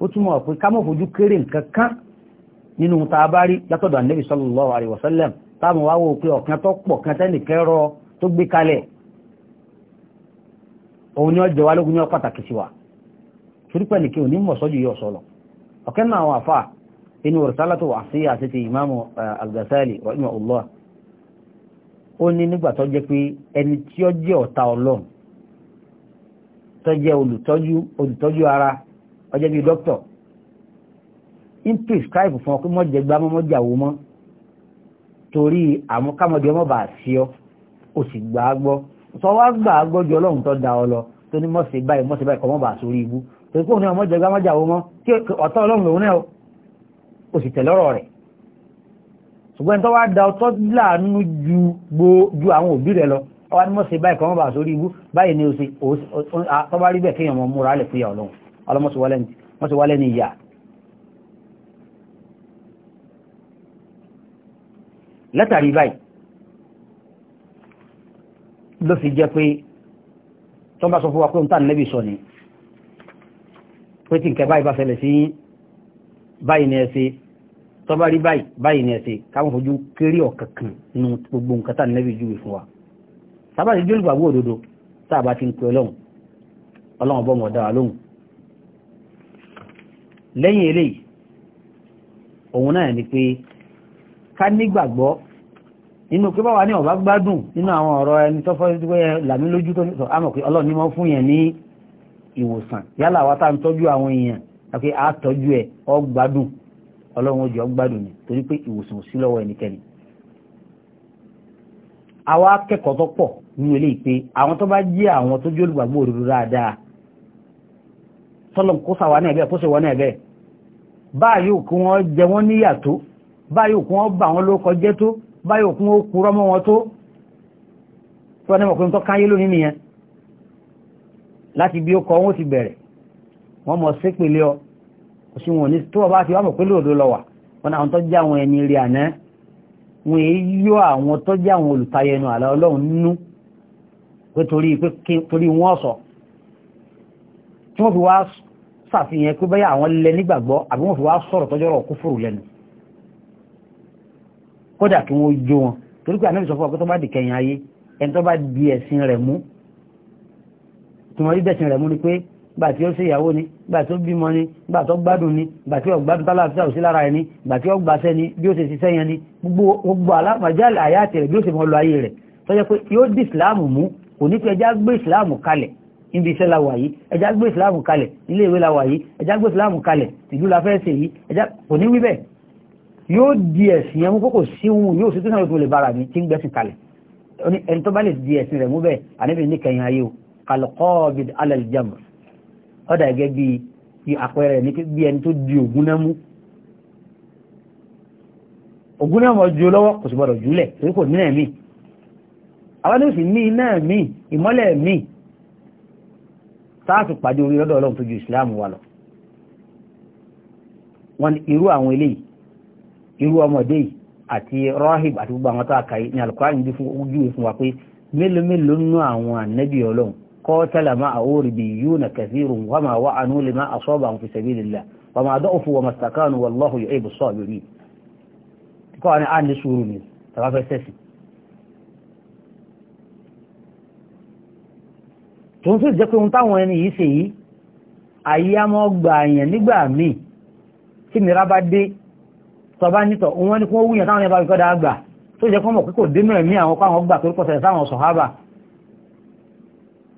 ó túmọ̀ pé ká mọ̀ fojú kéré nǹkan kan nínú ta bá rí látọ̀dọ̀ ànẹ́bì sallallahu alaihi wasallam táàmù wá wò pé ọ̀kan tó pọ̀ kan tẹ́nìkẹ́ rọ tó gbé kalẹ̀ òun ni ọjọ́ wa lógún ní ọ pàtàkì sí wa torípẹ́ nìkẹ́ òní mọ̀ sọ́jú yóò sọ́lọ̀ ọ̀kan náà wà fà inú risalatu wasiya àti ti eh, ara ó bí dókítà ń prescribe fún ọ pé mọ́jẹ gbá mọ́ mọ́jà wo mọ́ torí àmúkámọ́jẹ mọ́ bá sí ọ o sì gbà á gbọ́ sọ wá gbà á gbọ́ ju ọlọ́run tó da ọ lọ tó ní mọ́sẹ̀ báyìí mọ́sẹ̀ báyìí kọ́ mọ́ bá sórí ibú torí kóhùn náà mọ́jẹ gbá mọ́jà wo mọ́ kí ọ̀tọ́ ọlọ́run lòun náà o sì tẹ̀lọ́rọ̀ rẹ̀ ṣùgbọ́n tó wá da ọtọ́ láàánú ju gbo ju àwọn òbí rẹ̀ lọ ọwá ní mọ́sẹ̀ báyìí kọ́ mọ́ bá sórí ibú báyìí ni o sì tọ́ bá rí bẹ́ẹ̀ kéèyàn mọ́ múra lẹ̀ fúyà ọlọ́run ọlọ́mọ́sẹ̀ wálẹ̀ ìyá látàrí báyìí ló fi jẹ́ pé tó bá sọ fún wa pé òǹtà nẹ́bì sọ ni pé tí nkẹ báyìí bá ṣẹlẹ̀ sí báyìí ni ẹsẹ tó bá rí báyìí báyìí ni ẹsẹ káwọn fojú kéré ọ̀kankan nínú gbogbo nǹkan tà nẹ́bì júwe fún wa sábà ti jólùgbà wó òdodo tá ti ń pe ọlọ́run ọlọ́run bọ́ ká nígbàgbọ́ inú pé báwa ní ọ̀bá gbádùn nínú àwọn ọ̀rọ̀ ẹni tó fọ́ sí pé làmí lójú tó ní sọ àmọ̀ pé ọlọ́run ní mọ́ fún yẹn ní ìwòsàn yálà wa tá ń tọ́jú àwọn èèyàn àti àtọ́jú ẹ̀ ó gbádùn ọlọ́run ó jẹ́ ó gbádùn ni torí pé ìwòsàn ò sí lọ́wọ́ ẹnikẹ́ni àwọn akẹ́kọ̀ọ́ tó pọ̀ ní ilé ìpé àwọn tó bá jẹ́ àwọn tó jẹ́ olùgbàgbọ́ òdodo dáadáa tọ́lọ̀ kó sàwọn náà bẹ́ẹ̀ kó sàwọn náà bẹ́ẹ̀ báyìí kí wọ́n jẹ wọ́n níyà báyìí òkun ọ bà wọn ló kọjẹ́ tó báyìí òkun ó kúrọ́ mọ́ wọn tó tí wọ́n mọ̀ pé ń tọ́ káyé lónìí nìyẹn láti bí ó kọ wọn ó ti bẹ̀rẹ̀ wọ́n mọ̀ sí pèlé ọ òsì wọn ní tó ọba ti wá mọ̀ pé lóòdó lọ wà wọn náà tó jẹ́ àwọn ẹni rí àná wọn èyí yọ àwọn tó jẹ́ àwọn olùtayọ ẹnu àlọ́ ọlọ́run nínú pé torí pé torí wọn sọ tí wọ́n fi wá ṣàfihàn pé bẹ́yà àwọn lẹ nígbàgbọ́ àbí wọ́n fi wá sọ̀rọ̀ tọ́jọ́rọ̀ kúfùrù lẹ́nu kódà kí wọ́n jó wọn torí pé ànábì sọ fún wa pé tó bá di kẹyìn ayé ẹni tó bá di ẹ̀sìn rẹ̀ mú tí wọ́n rí bẹ̀sìn rẹ̀ mú ni pé gbà tí ó ṣe ìyàwó ni gbà tó bímọ ni gbà tó gbádùn ni gbà tí ó gbádùn tálàfíà ò sí lára ẹni gbà tí ó gbàṣẹ ni bí ó ṣe ṣiṣẹ́ yẹn ni gbogbo alámọ̀jálẹ̀ àyàtì rẹ̀ bí ó ṣe mọ́ lọ ayé rẹ̀ tó jẹ́ pé yóò di ìsìláàmù mú kò ní pé ẹjá gbé ìsìláàmù kalẹ̀ níbi iṣẹ́ la wà yìí ẹjá gbé ìsìláàmù kalẹ̀ nílé ìwé la wà yìí ẹjá gbé ìsìláàmù kalẹ̀ tìlú la fẹ́ ṣe yìí ẹjá kò ní wí bẹ́ẹ̀ yóò di ẹ̀sìn yẹn mú kókò síhun yóò sí tíṣàn lókun lè bára mi tí ń gbẹ́sìn kalẹ̀ ẹni tó bá lè di ẹ̀sìn rẹ̀ mú bẹ́ẹ̀ àníbi ní kẹyìn ayé o kalqabid ala al-jamr ọ̀dà gẹ́gẹ́ bí i àpẹẹrẹ ní bí ẹni tó di ògún náà mú ògún náà mọ̀ ju lọ́wọ́ kò sì gbọdọ̀ jùlẹ̀ torí kò ní ẹ̀mí àwọn ní òsì ní iná ẹ̀mí ìmọ́lẹ̀ ẹ̀mí sáàsì pàdé orí lọ́dọ̀ ọlọ́run tó ju ìsìláàmù wa lọ wọn irú àwọn eléyìí irú ọmọdé yìí àti rahib àti gbogbo àwọn tó àkàyè ní alukóhánì bí fún ojúwe fún wa pé mélòó mélòó nínú àwọn ànábì ọlọ́run kọ́tàlá máa àwòrì bí yóò nà kẹfìrún wà máa wá àánú lè máa àṣọ́bà àwọn fìṣẹ́bí lélẹ̀ wà máa dọ́ òfu wà máa sàkánu wà lọ́hùn yóò èbù sọ́ọ̀ lórí. kọ́ ni a ní sùúrù ni tàbá fẹ́ sẹ́sì. tòun tó jẹ́ pé ohun táwọn ẹni yìí ṣe yìí àyíyá mọ́ gbà nígbà míì tí mìíràn bá dé tọba nítọ̀ wọ́n ní kí wọ́n wúyàn táwọn ẹbá ìkọ́dá àgbà tó jẹ́ kọ́mọ̀ kíkò dínú ẹ̀mí àwọn pàwọn gbà tó kọsẹ̀ sáwọn sọ̀hábà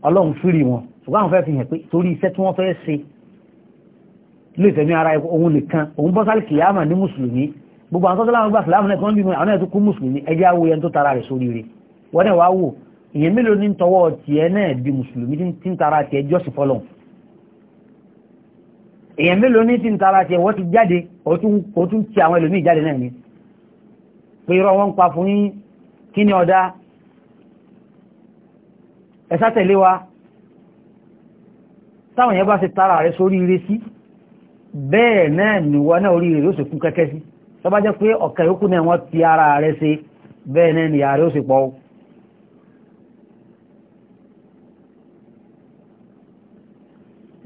ọlọ́run fúri wọn ṣùgbọ́n àwọn fẹ́ fi hàn pé torí iṣẹ́ tí wọ́n fẹ́ ṣe lè tẹ̀mí ara òun nìkan òun bọ́ sálì kìyàmà ní mùsùlùmí gbogbo àwọn tọ́tọ́lá gbà sàlámù náà kí wọ́n bí àwọn ẹ̀ tó kú mùsùlùmí ẹjẹ́ awo yẹn tó tara rẹ̀ sórí rẹ̀ wọ́n náà wá wò ìyẹn mélòó ní tọwọ́ tiẹ̀ náà di mùsùlùmí tí ń tara tiẹ̀ jọ́sìn fọlọ́hùn èèyàn mélòó ní tí ń tara tí ẹ̀wọ́ ti jáde ó tún ti àwọn ẹlòmíì jáde náà ni pé irọ́ wọn ń pa fún yín kí ni ọ̀dá ẹ̀sá tẹ̀lé wa táwọn yẹn bá ṣe tara rẹ̀ sórí ire sí bẹ́ẹ̀ náà nìwọ náà orí rẹ̀ yóò sì kẹ́kẹ́ sí tó pé ọ̀kẹ́ yókù náà wọ́n ti ara rẹ̀ ṣe bẹ́ẹ̀ náà nìyà rẹ̀ ó sì pọ̀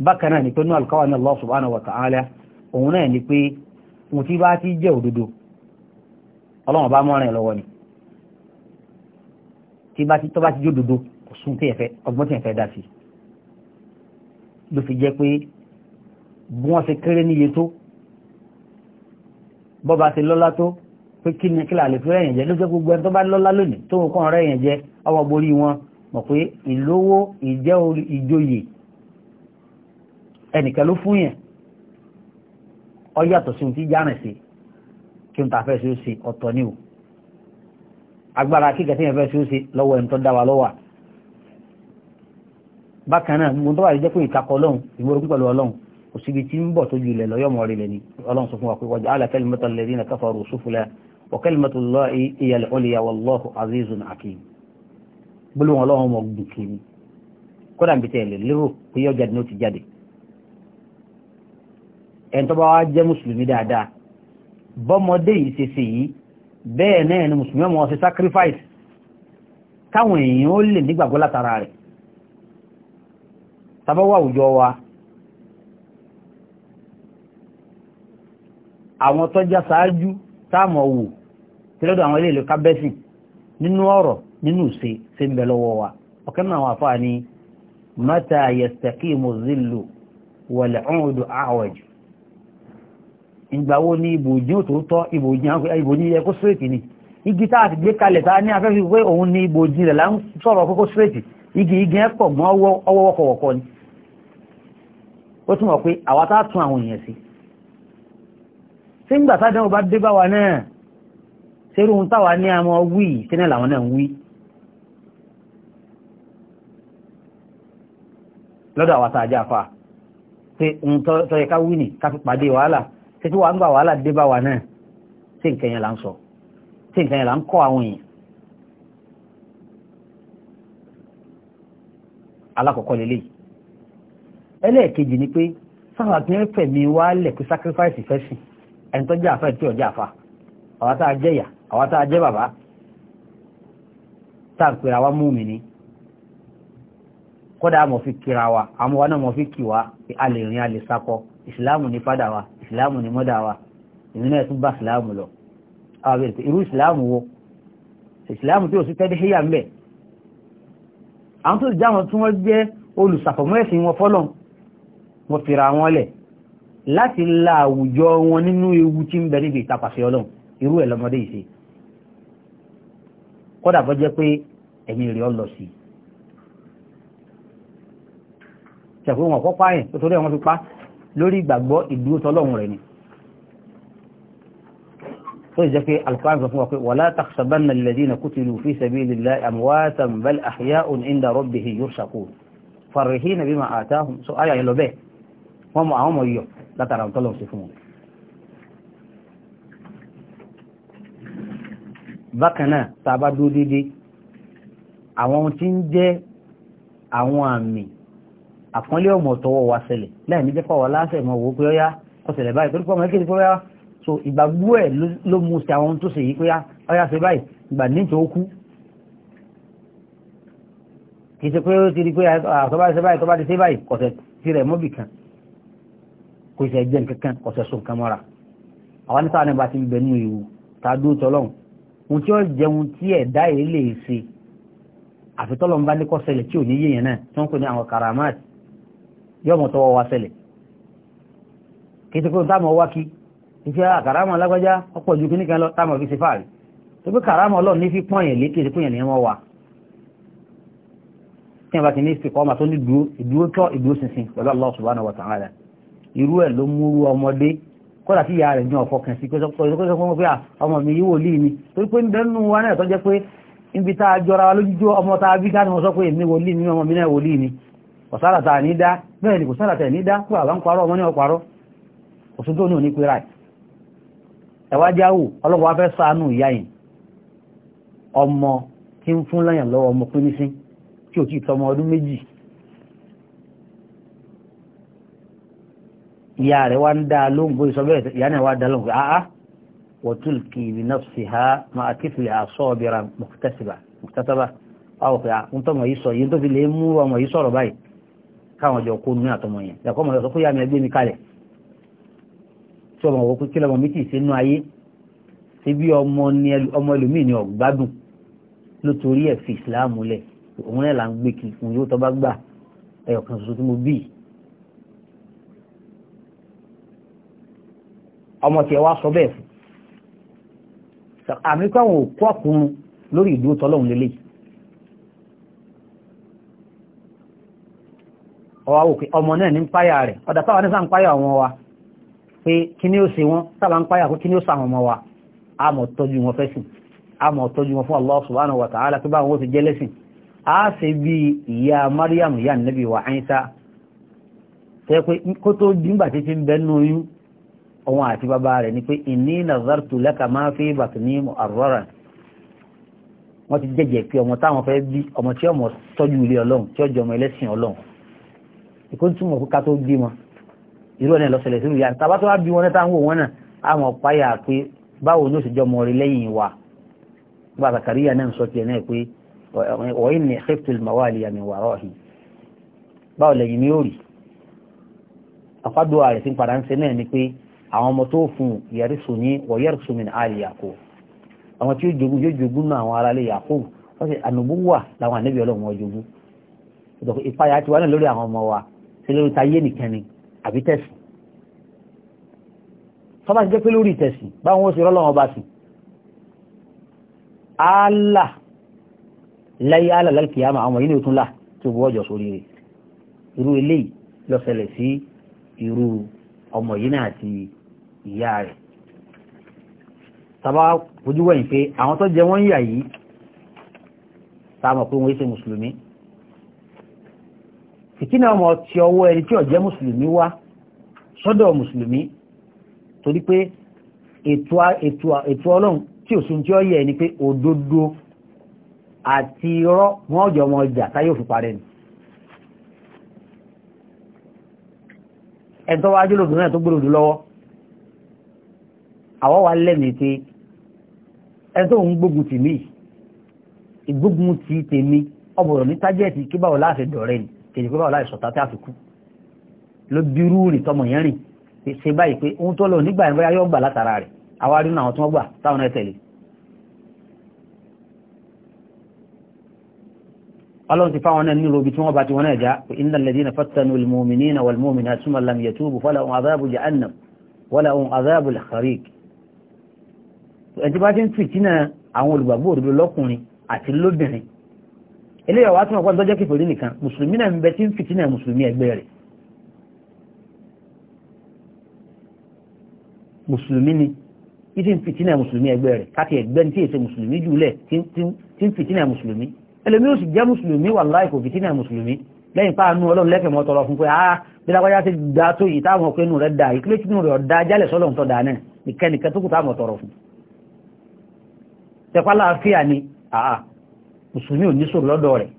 bákan náà ni pé ní alkawa ní Allah subhanahu wa ta'ala òun náà ni pé mo ti bá ti jẹ́ òdodo ọlọ́run bá mọ́ rìn lọ́wọ́ ni tí bá ti tọ́ bá ti jó òdodo kò sún tí ẹ̀fẹ́ ọgbọ́n tí ẹ̀fẹ́ dá sí ló fi jẹ́ pé bí wọ́n ṣe kéré níye tó bọ́ba ti lọ́lá tó pé kí ni kílà lè fi rẹ̀yìn jẹ́ ló jẹ́ gbogbo ẹni tó bá lọ́lá lónìí tó kàn rẹ̀yìn jẹ́ ọwọ́ borí wọn mọ̀ pé ìlówó ìjẹ́ ìjòyè ẹnìkan ló fún yẹn ọ yàtọ̀ sí ohun tí járìn sí kí n ta fẹ́ sí ó ṣe ọ̀tọ̀ ni o agbára kíkẹ́ tí yẹn fẹ́ sí ó ṣe lọ́wọ́ ẹni tó dá wa bákan náà mo tó wà lè ọlọ́run ìgboro pípẹ̀lú ọlọ́run kò síbi ń bọ̀ tó ju lérò pé yọjà ni ó ti jáde ẹni tó bá wá jẹ́ mùsùlùmí dáadáa bọ́mọdé yìí ṣe ṣe yìí bẹ́ẹ̀ náà ni mùsùlùmí ọmọ ṣe sacrifice káwọn èèyàn ó lè nígbàgbọ́ látara rẹ̀ tàbáwà àwùjọ wa àwọn tọ́já sáájú táàmọ̀ wò tí lọ́dọ̀ àwọn ilé ìlú kábẹ́sìn nínú ọ̀rọ̀ nínú ṣe ṣe ń bẹ lọ́wọ́ wa ọ̀kẹ́ náà wà fáà ní mata yastaqimu zillu wal 'udu a'waj ìgbà wo ni ibòjì ò tó tọ́ ibòjì yẹ kó ni igi tá a ti gbé kalẹ̀ tá ní afẹ́fẹ́ pé òun ni ibòjì rẹ̀ là ń sọ̀rọ̀ kókó straight igi igi ẹ̀ pọ̀ mọ́ ọwọ́ wọ́kọ̀wọ́kọ́ ni ó túnmọ̀ pé àwa tá a tún àwọn èèyàn sí tí ń gbà sádẹ́ ọba dé bá wa náà ṣerú ohun táwa ní àmọ́ wí tẹ́lẹ̀ làwọn náà ń wí lọ́dọ̀ àwa tá a jẹ́ àfa pé ohun tó ká wí ni ká fi pàdé wàhálà ṣe tí wàá ń gbà wàhálà dé bá wa náà tí nǹkan yẹn là ń sọ tí nǹkan yẹn là ń kọ́ àwọn èèyàn. alákọ̀ọ́kọ́ lélẹ̀ yìí ẹlẹ́ẹ̀kejì ni pé sáwọn akínyẹn fẹ̀mí wá lẹ̀ pé sacrifice fẹ́ sìn ẹni tó jẹ́ àfa tí ò àfa àwa tá a jẹ́ ìyá àwa tá a jẹ́ bàbá tá a pèrè àwa mú mi ni kódà mo fi kira wa àwọn wa náà mo fi kì wá a lè rìn a lè sakọ ìsìláàmù ní fádà wa ìsìláàmù ni mọ́dà wa èmi náà tún bá ìsìláàmù lọ àwọn abẹ́rẹ́ pé irú ìsìláàmù wo ìsìláàmù tí ò sí tẹ́lẹ̀ híyà ńbẹ̀ àwọn tó já wọn tí wọ́n jẹ́ olùsàfọ̀mọ́ ẹ̀sìn wọn fọ́lọ̀ wọn fìrà wọn lẹ̀ láti la àwùjọ wọn nínú ewu tí ń bẹ níbi ìtapàṣẹ ọlọ́run irú ẹ̀ lọ́mọdé yìí ṣe kódà bọ́ jẹ́ pé ẹ̀mí rẹ̀ lọ sí i ṣẹ̀fún wọn kọ́ pààyàn tó torí wọn fi pa lórí ìgbàgbọ́ ìdúró tọ́lọ́run rẹ̀ ni tó jẹ́ pé alkùnrin fún wa pé wà látàkṣàbán na lèdí na kútìlù fi sàbí lílá àmúwátàn bal àhíyáun inda rọ́bìhì yóò ṣàkó fàrìhì na bí ma àtàhùn so ayà yẹn lọ bẹ́ẹ̀ wọ́n mọ àwọn ọmọ yọ látara tọ́lọ́run sí fún wọn bákan náà tá a bá dúró déédéé àwọn tí ń jẹ́ àwọn àmì àpọ́nlé ọmọ tọwọ́ wa ṣẹlẹ̀ láì ní jẹ́pọ̀ wà láṣẹ̀ mọ̀ wò pé ọyá ọ̀sẹ̀lẹ̀ báyìí pẹ̀lú pọ̀mọ́ kéde pé so ìgbàgbọ́ ẹ̀ ló mú sí àwọn tó ṣe yìí pé ọyá ṣe báyìí ìgbà ní tó kú kì í ṣe pé ó ti di pé àtọ́bá ṣe báyìí tọ́bá ti ṣe báyìí kọ̀ṣẹ̀ ti rẹ̀ mọ́bì kan kò ṣe jẹ́ nǹkan kọ̀ṣẹ̀ so nǹkan mọ́ra àwọn nípa nípa ti bẹ̀ nínú ìwù ta dúró tọ́lọ́hùn ohun tí ó jẹun tí ẹ̀dá yìí lè ṣe àfitọ́lọ́mbá ní kọ́ṣẹlẹ̀ tí ò ní yéèyàn náà tí wọ́n pè ní àwọn karamáàtì yọmọ tọwọ́ wa sẹlẹ̀ kìí tó táàmù wá kí ìfẹ́ àkàràmọ̀ alágbájá ọ̀pọ̀ ju kíníkan lọ táàmù fi ṣe fáàrí tó pé kàràmọ̀ ọlọ́run ní fi pọ́nyẹ̀ lékè tí pọ́nyẹ̀ ní wọ́n wà tí wọ́n bá ti ní ìsìnkọ́ ọmọ tó ní Allah subhanahu wa ta'ala irú ẹ̀ ló mú irú ọmọdé kódà sí ìyá rẹ̀ ní ọ̀fọ́ kan sí pé ọmọ mi yíwò lì ní torí pé nínú wa náà tó jẹ́ pé níbi tá a jọra wa lójújó ọmọ tá bí ká ni sọ pé èmi wòlíì ní ọmọ mi náà wòlíì ní ọ̀sálàtà ní dá bẹ́ẹ̀ ni kò sálàtà ní dá pé àbá ń parọ́ ọmọ ní ọparọ́ òṣùgbò ní òní pẹ́ra ẹwàjáwò ọlọ́wọ́ afẹ́ ṣàánú ìyá yìí ọmọ tí ń fún láyàn lọ́wọ́ ọmọ pínísín tí ò tí tọmọ ọdún méjì ìyá rẹ̀ wá ń dáa lóhùn bó ìsọ bẹ́ẹ̀ ìyá náà wá dáa lóhùn àá wọ́tún kì í náà sì ha máa kífìlẹ̀ àṣọ ọ̀bẹ̀rẹ̀ mọ̀kútẹ́sìbà mọ̀kútẹ́sìbà wọ́n pẹ̀ tọmọ yìí sọ yìí tó fi lè mú ọmọ yìí sọ̀rọ̀ báyìí káwọn jọ kó nínú àtọmọ yẹn yàkọ́ mọ̀ lọ sọ pé yá mi ẹgbẹ́ mi kalẹ̀ tí ọmọ òwò kí lọmọ mi kì í ṣe nú ayé ṣe bí ọmọ ni ọmọ ẹlòmíì ni ọ̀gbádùn ló torí ẹ̀ fi ìsìláàmù lẹ̀ òun náà là ń gbé kí òun yóò tọ́ bá gbà ẹyọ kan ṣoṣo tí mo bí ọmọ tiẹ̀ wá sọ bẹ́ẹ̀ fún àmì káwọn òkú àkúrun lórí ìdúró tọ́lọ́hún lélẹ́yìí ọwá òkè ọmọ náà ní ń páyà rẹ̀ ọ̀dà táwọn nísà ń páyà ọmọ wa pé kí ni ó ṣe wọn tábà ń páyà pé kí ni ó sàwọn ọmọ wa a mọ̀ tọ́jú wọn fẹ́sìn a mọ̀ tọ́jú wọn fún Allah subhanahu wa ta'ala pé báwọn ó ti jẹ́ lẹ́sìn a ṣe bí ìyá Maryam ìyá nẹ́bí wa Àìsá tẹ́ pé kó tó dìgbà tí ti ń bẹ́ nú oyún ọwọn àti bàbá rẹ̀ ni pé inni nazartu laka ma fi batni muharraran wọ́n ti jẹ́jẹ́ pé ọmọ táwọn fẹ́ bí ọmọ tí ọmọ tọ́jú ilé Ọlọ́run tí ọjọ́ ọmọ ẹlẹ́sìn Ọlọ́run ìkó ń túmọ̀ ká tó bí wọn irú ọ̀nà ìlọ́sẹ̀lẹ̀ sínú ìyá tàbá tó wá bí wọn náà táwọn òun náà àwọn ọ̀páyà pé báwo ni ó sì jọmọ rí lẹ́yìn wa gba Zakariya náà ń sọ tiẹ̀ náà pé wa inni khiftu al-mawaliya min wara'i báwo lẹ́yìn ni ó rí àfádùn ààrẹ sí padà ń ṣe náà ni pé àwọn ọmọ tó fún yarisu ní wa yarisu min ali Yaqub àwọn tí yóò jogún náà àwọn aráalé Yaqub wọ́n sì ànúbú wà láwọn àníbì ọlọ́run wọn ìpayà ti wá náà lórí àwọn ọmọ wa ṣe lórí tayé nìkan ni àbí tẹ̀sìn sọ́bà ti jẹ́ pé lórí tẹ̀sìn báwọn ó ṣe rọ́lọ́wọ́ bá sì áàlà láyé áàlà lálkìyàmà àwọn yìí ni ó tún là tí ó wọ́jọ sórí rẹ̀ irú eléyìí ló ṣẹlẹ̀ sí irú ọmọ yìí náà àti ìyá rẹ̀ tàbá fojú wẹ̀yìn pé àwọn tó jẹ wọ́n yà yìí tá mọ̀ pé wọ́n ṣe mùsùlùmí fìtínà ọmọ ti ọwọ́ ẹni tí ó jẹ́ mùsùlùmí wá sọ́dọ̀ mùsùlùmí torí pé ètò ọlọ́run tí ò sun tí ó yẹ ni pé òdodo àti irọ́ wọ́n jọ wọn jà táyé òfin parẹ́ ni ẹ̀tọ́ wájú lòdù náà tó gbèrò lọ́wọ́ àwọ́ wa lẹ́mìí pé ẹ̀tọ́ òun gbógun tì ìgbógun ti tèmi ọbọ̀rọ̀ ní tájẹ́ẹ̀tì kí láàfin dọ̀rẹ́ ni kejì pé báwo láì sọ̀tá tí a fi kú ló bírú rì tọmọ yẹn rìn ṣe báyìí pé ohun tó lọ nígbà yẹn bóyá yóò gbà látara rẹ̀ àwa rí àwọn tí wọ́n gbà táwọn náà tẹ̀lé ọlọ́run ti fáwọn náà nílò ibi tí wọ́n bá ti wọ́n náà já inna alladhina fattanu al-mu'minina wal-mu'minati thumma lam yatubu falahum adhabu jahannam walahum adhabul khariq ẹ̀tí bá ti ń fìtínà àwọn olùgbàgbọ́ òdodo lọ́kùnrin àti lóbìnrin eléyàwó á tún ọ̀pọ̀ ìtọ́jọ́ kẹfẹ́rí nìkan mùsùlùmí náà ń bẹ tí ń fìtínà mùsùlùmí ẹgbẹ́ rẹ̀ mùsùlùmí ni tí ń fìtínà mùsùlùmí ẹgbẹ́ rẹ̀ káti ẹgbẹ́ ní tí èsè mùsùlùmí jùlẹ̀ tí ń fìtínà mùsùlùmí ẹlòmí ò sì jẹ́ mùsùlùmí wàláhì kò fìtínà mùsùlùmí lẹ́yìn páànù ọlọ́run lẹ́fẹ̀ẹ́ mọ́ tọrọ ah bí lágbájá ti da tó yìí táwọn ọkọ inú rẹ̀ da ìkílé tí inú rẹ̀ ni àá mùsùlùmí ò ní sọ̀rọ̀ lọ́dọ̀ rẹ̀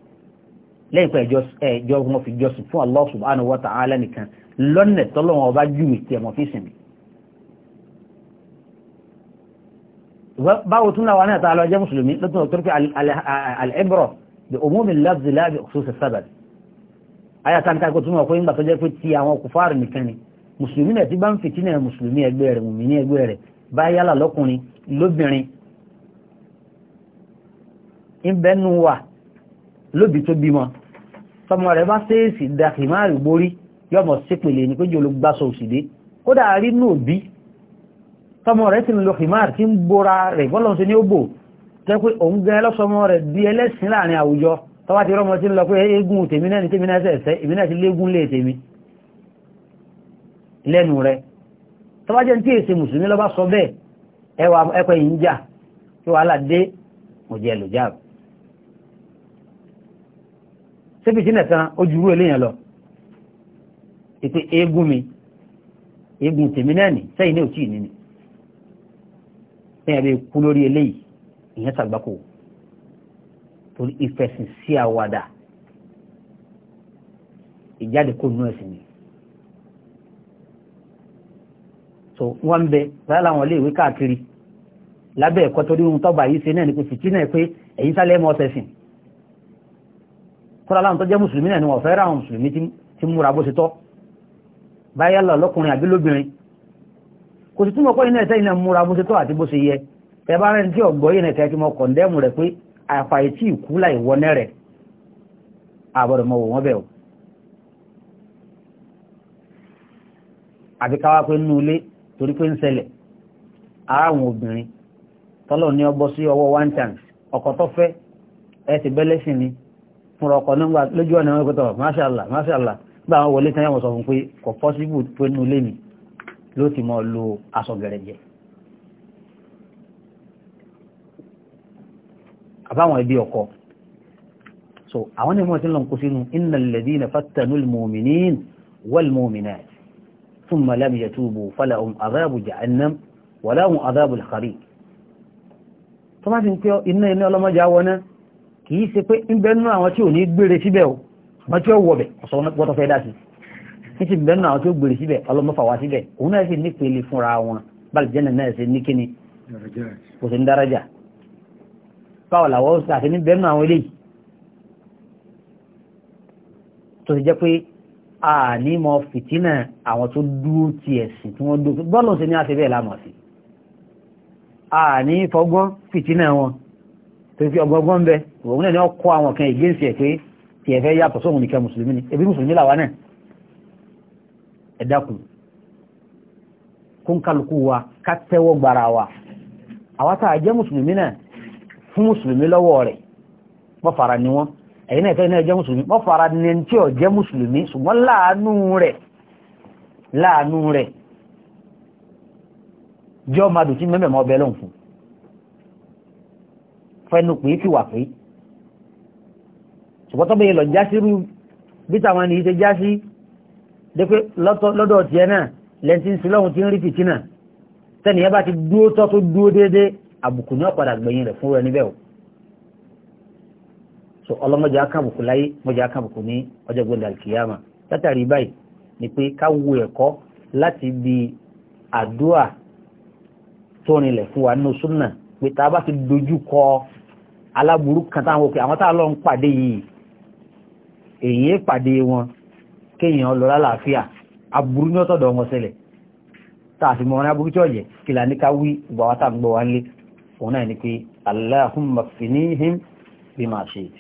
lẹ́yìn pé ẹjọ́ wọn fi jọ́sìn fún Allah subhanahu wa ta'ala nìkan lọ́nà tọ́lọ́wọ́n ọba júwe tí ẹ̀wọ̀n fi sinmi. báwo tún láwa náà ta lọ jẹ́ mùsùlùmí lọ́tún ọ̀tọ́ pé al-ibra bi umumi al-lafz la bi khusus as-sabab aya ta nǹkan kó tún wọ́n kó yíngbà tó jẹ́ pé ti àwọn kùfáàrù nìkan ni mùsùlùmí náà ti bá ń fìtínà mùsùlùmí ẹgbẹ́ rẹ̀ mùmí ní ẹgbẹ́ rẹ̀ bá yálà lọ́kùnrin lóbìnrin ìbẹ́nu wà lóbi tó bímọ tọmọ rẹ̀ bá ṣèèsì dàkì máa rí borí yọmọ sípele ní péjì olùgbàsọ òsìdé kódà rí nù òbí tọmọ rẹ̀ ti lọ himar tí ń bóra rẹ̀ bọ́lọ̀ sí ní ó bò tẹ́ pé òun gan ẹlọ́sọmọ rẹ̀ di ẹlẹ́sìn láàrin àwùjọ tọ́wá ti rọ́mọ tí ń lọ pé eégún tèmi náà ní tèmi náà síbi jìnà tán ó jurú eléyàn lọ ìpè eégún mi eégún tèmi náà nì sẹ́yìn ní òtí ìnini sẹ́yìn bẹ́ẹ̀ kú lórí eléyìí ìyẹn sàgbákò torí ìfẹ̀sìn sí àwàdà ìjáde kó nínú ẹ̀sìn ni so wọ́n ń bẹ báyà láwọn ilé ìwé káàkiri lábẹ́ ẹ̀kọ́ torí ohun tọ́ba yìí ṣe náà ni pé fìtínà pé ẹ̀yin sálẹ̀ mọ́ ọ̀sẹ̀ kọ́lá láwọn tó jẹ́ mùsùlùmí náà ni wọ́n fẹ́ ráwọn mùsùlùmí tí múra bó ṣe tọ́ báyá lọ lọ́kùnrin àbí lóbìnrin kò sí túnmọ̀ kọ́ iná ẹ̀tẹ́ iná múra bó ṣe tọ́ àti bó ṣe yẹ ẹ bá rẹ̀ tí ọ̀gbọ́ yìí nẹ̀kẹ́ kí mo kọ̀ndẹ́mù rẹ̀ pé àfàì tí ìkú láì wọnẹ́ rẹ̀ àbọ̀rẹ̀ mọ̀ wọ́n bẹ̀ o àbí káwá pé nínú ilé torí pé ń ṣẹlẹ̀ ara àwọn obìnrin tọ́lọ̀ ní ọbọ̀ sí ọwọ́ one chance ọkọ̀ tó fẹ́ ẹ ti bẹ́lẹ́sìn ni fúnra ọkọ̀ nígbà lójú ọ̀nà wọn pẹ̀tọ̀ máṣàlá máṣàlá gbà àwọn wọlé tán yàwọ̀ sọ fún pé kò pọ́síbù tó nú lé mi ló ti mọ́ lo aṣọ gẹ̀rẹ̀ jẹ àbáwọn ẹbí ọkọ so àwọn ni mo ti ń lọ kó sínú innal ladhina fattanul mu'minina wal mu'minat thumma lam yatubu falahum adhabu jahannam wa lahum adhabul khariq tó kìí se pé ń bẹ́nu àwọn tí ò ní gbére síbẹ̀ o wọ́n tí ó wọ̀bẹ̀ ọ̀sọ̀wọ́tọ̀ fẹ́ dá sí ní ti bẹ́nu àwọn tí ó gbére síbẹ̀ ọlọ́mọ́fà wá síbẹ̀ òun náà sì nípele fúnra wọn bálìjẹ́nà náà ṣe ní kíni kò sí ní dárájà báwo làwọ́ àti ní bẹ́nu àwọn eléyìí tó ti jẹ́ pé a ní mọ fìtínà àwọn tó dúró ti ẹ̀sìn tí wọ́n dúró bọ́ọ̀lù sí ní àṣẹ bẹ́ẹ̀ lámọ̀ sí a ní fọgbọ́n fìtínà wọn torí pé ọgbọ́gbọ́n ń bẹ òun náà ni ó kọ́ àwọn kan ìgbésẹ̀ ẹ̀ pé tí ẹ fẹ́ yàtọ̀ sóhun nìkan mùsùlùmí ni ebi mùsùlùmí làwa náà ẹ dákun kó ń kálukú wa ká tẹ́wọ́ gbara wa àwa tá a jẹ́ mùsùlùmí náà fún mùsùlùmí lọ́wọ́ rẹ̀ mọ́ fara ni wọ́n ẹ̀yin náà tẹ́yìn náà jẹ́ mùsùlùmí mọ́ ni tí ò jẹ́ mùsùlùmí ṣùgbọ́n láàánú rẹ̀ láàánú rẹ̀ jọ́ madùn tí mẹ́mẹ́ mọ́ ọbẹ̀ lọ́hùn fún fẹnu pé fi wà pé ṣùgbọ́n tó bẹ́yẹ lọ já sí rú bí táwọn ènìyàn ṣe já sí dépé lọ́dọ̀ tiẹ̀ náà lẹ́ntì ń sílọ́hun tí ń rí fìtínà tẹ́nìyàn bá ti dúó tọ́ tó dúó déédéé àbùkù ní ọ̀padà gbẹ̀yìn rẹ̀ fún rẹ níbẹ̀ o so ọlọ́mọdé akábùkù láyé mọ́jà akábùkù ní ọjọ́ gbọ́dọ̀ àlùkìyàmà látàrí báyìí ni pé ká wo ẹ̀kọ́ láti bi àdúà tó rinlẹ̀ fún wa nínú súnà pé tá a bá ti dojú kọ aláburú kan táwọn òkè àwọn táà lọ ń pàdé yìí èyí pàdé wọn kéèyàn lọ lálàáfíà aburú ní ọ̀tọ̀dọ̀ wọn ṣẹlẹ̀ tààfi mọ̀ wọn aburú tí ọ̀yẹ̀ kí là ní ká wí ìgbà wa tàbí gbọ́ wa nílé òun náà ni pé Allahumma finihim bima shi'it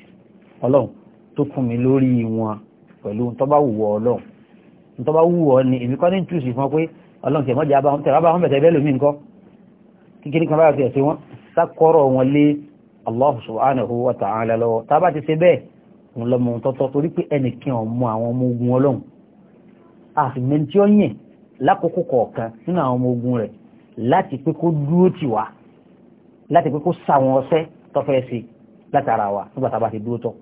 ọlọ́run tó fún mi lórí wọn pẹ̀lú tó wù ọ́ ọlọ́run tó wù ọ́ ni èmi kọ́ Allah subhanahu wa ta'ala lọ́wọ́ tá a bá ti ṣe bẹ́ẹ̀ òun lọ́mọ ohun tọ́tọ́ torí pé ẹnìkan ọmọ àwọn ọmọ ogun ọlọ́run àfìmẹ́ni tí ó yìn lákòókò kọ̀ọ̀kan nínú àwọn ọmọ ogun rẹ̀ láti pé kó dúró tì wá láti pé kó sàwọn ọṣẹ́ tọ́fẹ́ sí látara wa nígbà tá a ti dúró tọ́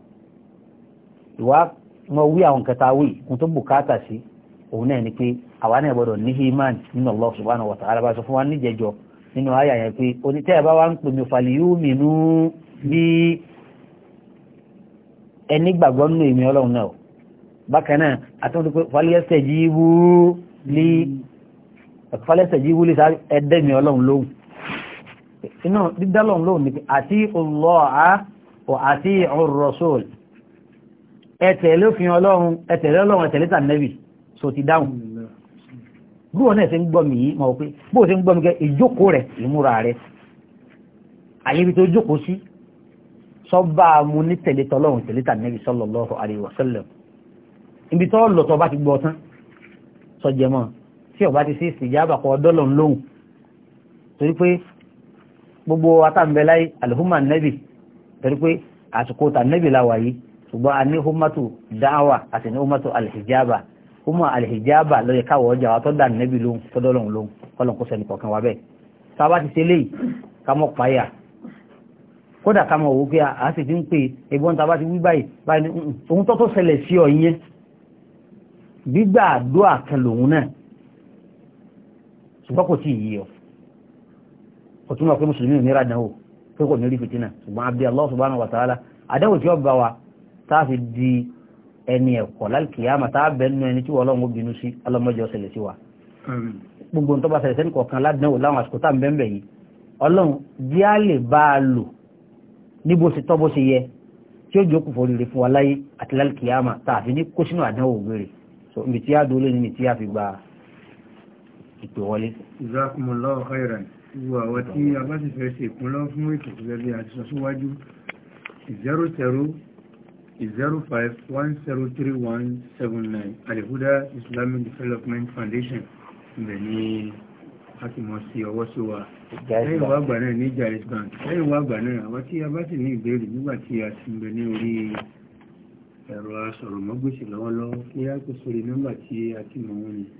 ìwà mọ wí àwọn kẹta wí kún tó bùkátà sí òun náà ni pé àwa náà gbọdọ̀ ní himán nínú Allah subhanahu wa ta'ala fún wa níjẹjọ́ nínú àyà yẹn pé onítẹ́ ẹ̀ bá wá ń pè mí fàlìyúmi nú bí ẹni gbàgbọ́ nínú èmi ọlọ́run náà bákan náà àtúntò pé fàlìyẹsẹ̀ jí wú lé fàlìyẹsẹ̀ jí wú lé sáré ẹ̀dẹ́ mi ọlọ́run lóhùn inú dídá ọlọ́run lóhùn àti ọlọ́ọ̀á ọ̀ àti ọ̀rọ̀sọ̀l ẹ̀tẹ̀lófin bí wọn náà ṣe ń gbọ́ mi yìí mọ̀ pé bó ṣe ń gbọ́ mi kẹ́ ìjókòó rẹ̀ ìmúra rẹ̀ àyèbí tó jókòó sí sọ́bà mu ní tẹ̀lé tọ́lọ́run tẹ̀lé tà nẹ́bí sallallahu alaihi wasallam ibi tọ́ lọ tọ́ bá ti gbọ́ tán sọ́jẹ́ mọ́ tí ọba ti sí ìsìjáàbà kọ́ dọ́lọ̀ ń lóhùn torí pé gbogbo atàǹbẹ̀láyé àlùfúnmà nẹ́bì torí pé àsìkò tà nẹ́bì la wà yìí ṣùgbọ́n a ní hómàtò dáwà àti ní hómàtò àlìhìjáàbà ọmọ alìhìjáàbà lọ́yẹ káwọ̀ ọjà wa tọ́dà nẹ́bí lóhun tọ́dọ́lọ́hun lóhun kọ́lọ̀ kó sẹ́ni kọ̀ọ̀kan wa bẹ́ẹ̀ tá a bá ti ṣe léyìí ká mọ̀ páyà kódà ká mọ̀ wò pé a sì ti ń pè ẹgbọ́n tá a bá ti wí báyìí báyìí mm, ohun tó tó ṣẹlẹ̀ sí ọ yẹn gbígbà àdúrà kan lòun náà ṣùgbọ́n kò tí ì yí ọ kò túnmọ̀ pé mùsùlùmí ò ní dánwò pé kò ní rí fìtínà ṣùgbọ́n abdi Allah subhanahu wa ta'ala àdánwò tí ó bá wa tá a fi di ẹni ẹ̀kọ́ lálkìyàmà tàà bẹ̀ẹ́nu ẹni tí Ọlọ́run ó bínú sí ọlọ́mọjọ́ ṣẹlẹ̀ sí wa gbogbo tó bá ṣẹlẹ̀ sẹ́ni kọ̀ọ̀kan ládánwò láwọn àsìkò tá bẹ́ẹ̀ yìí Ọlọ́run jí á lè bá a lò ní bó ṣe tọ́ bó ṣe yẹ tí ó jókòó foríire fún wa láyé àti lálkìyàmà tàà fi ní kó sínú àdánwò gbére so ibi tí a dúró lé níbi tí a fi gba ìpè wọlé. Jazakumullahu khairan gbogbo àwọn tí a bá ti fẹ́ zero zero 05103179 Al-Huda Islamic Development Foundation ibẹ̀ ni a ti mọ̀ sí ọwọ́ sí wa lẹ́yìn wá àgbà náà ní Jaiz Bank lẹ́yìn wá àgbà náà àwọn tí a bá sì ní ìbéèrè nígbà tí a ti ń bẹ ní orí ẹ̀rọ asọ̀rọ̀mọ́gbèsì lọ́wọ́lọ́wọ́ kí a kó sórí nọ́mbà tí a ti mọ̀ wọ́n ni 0244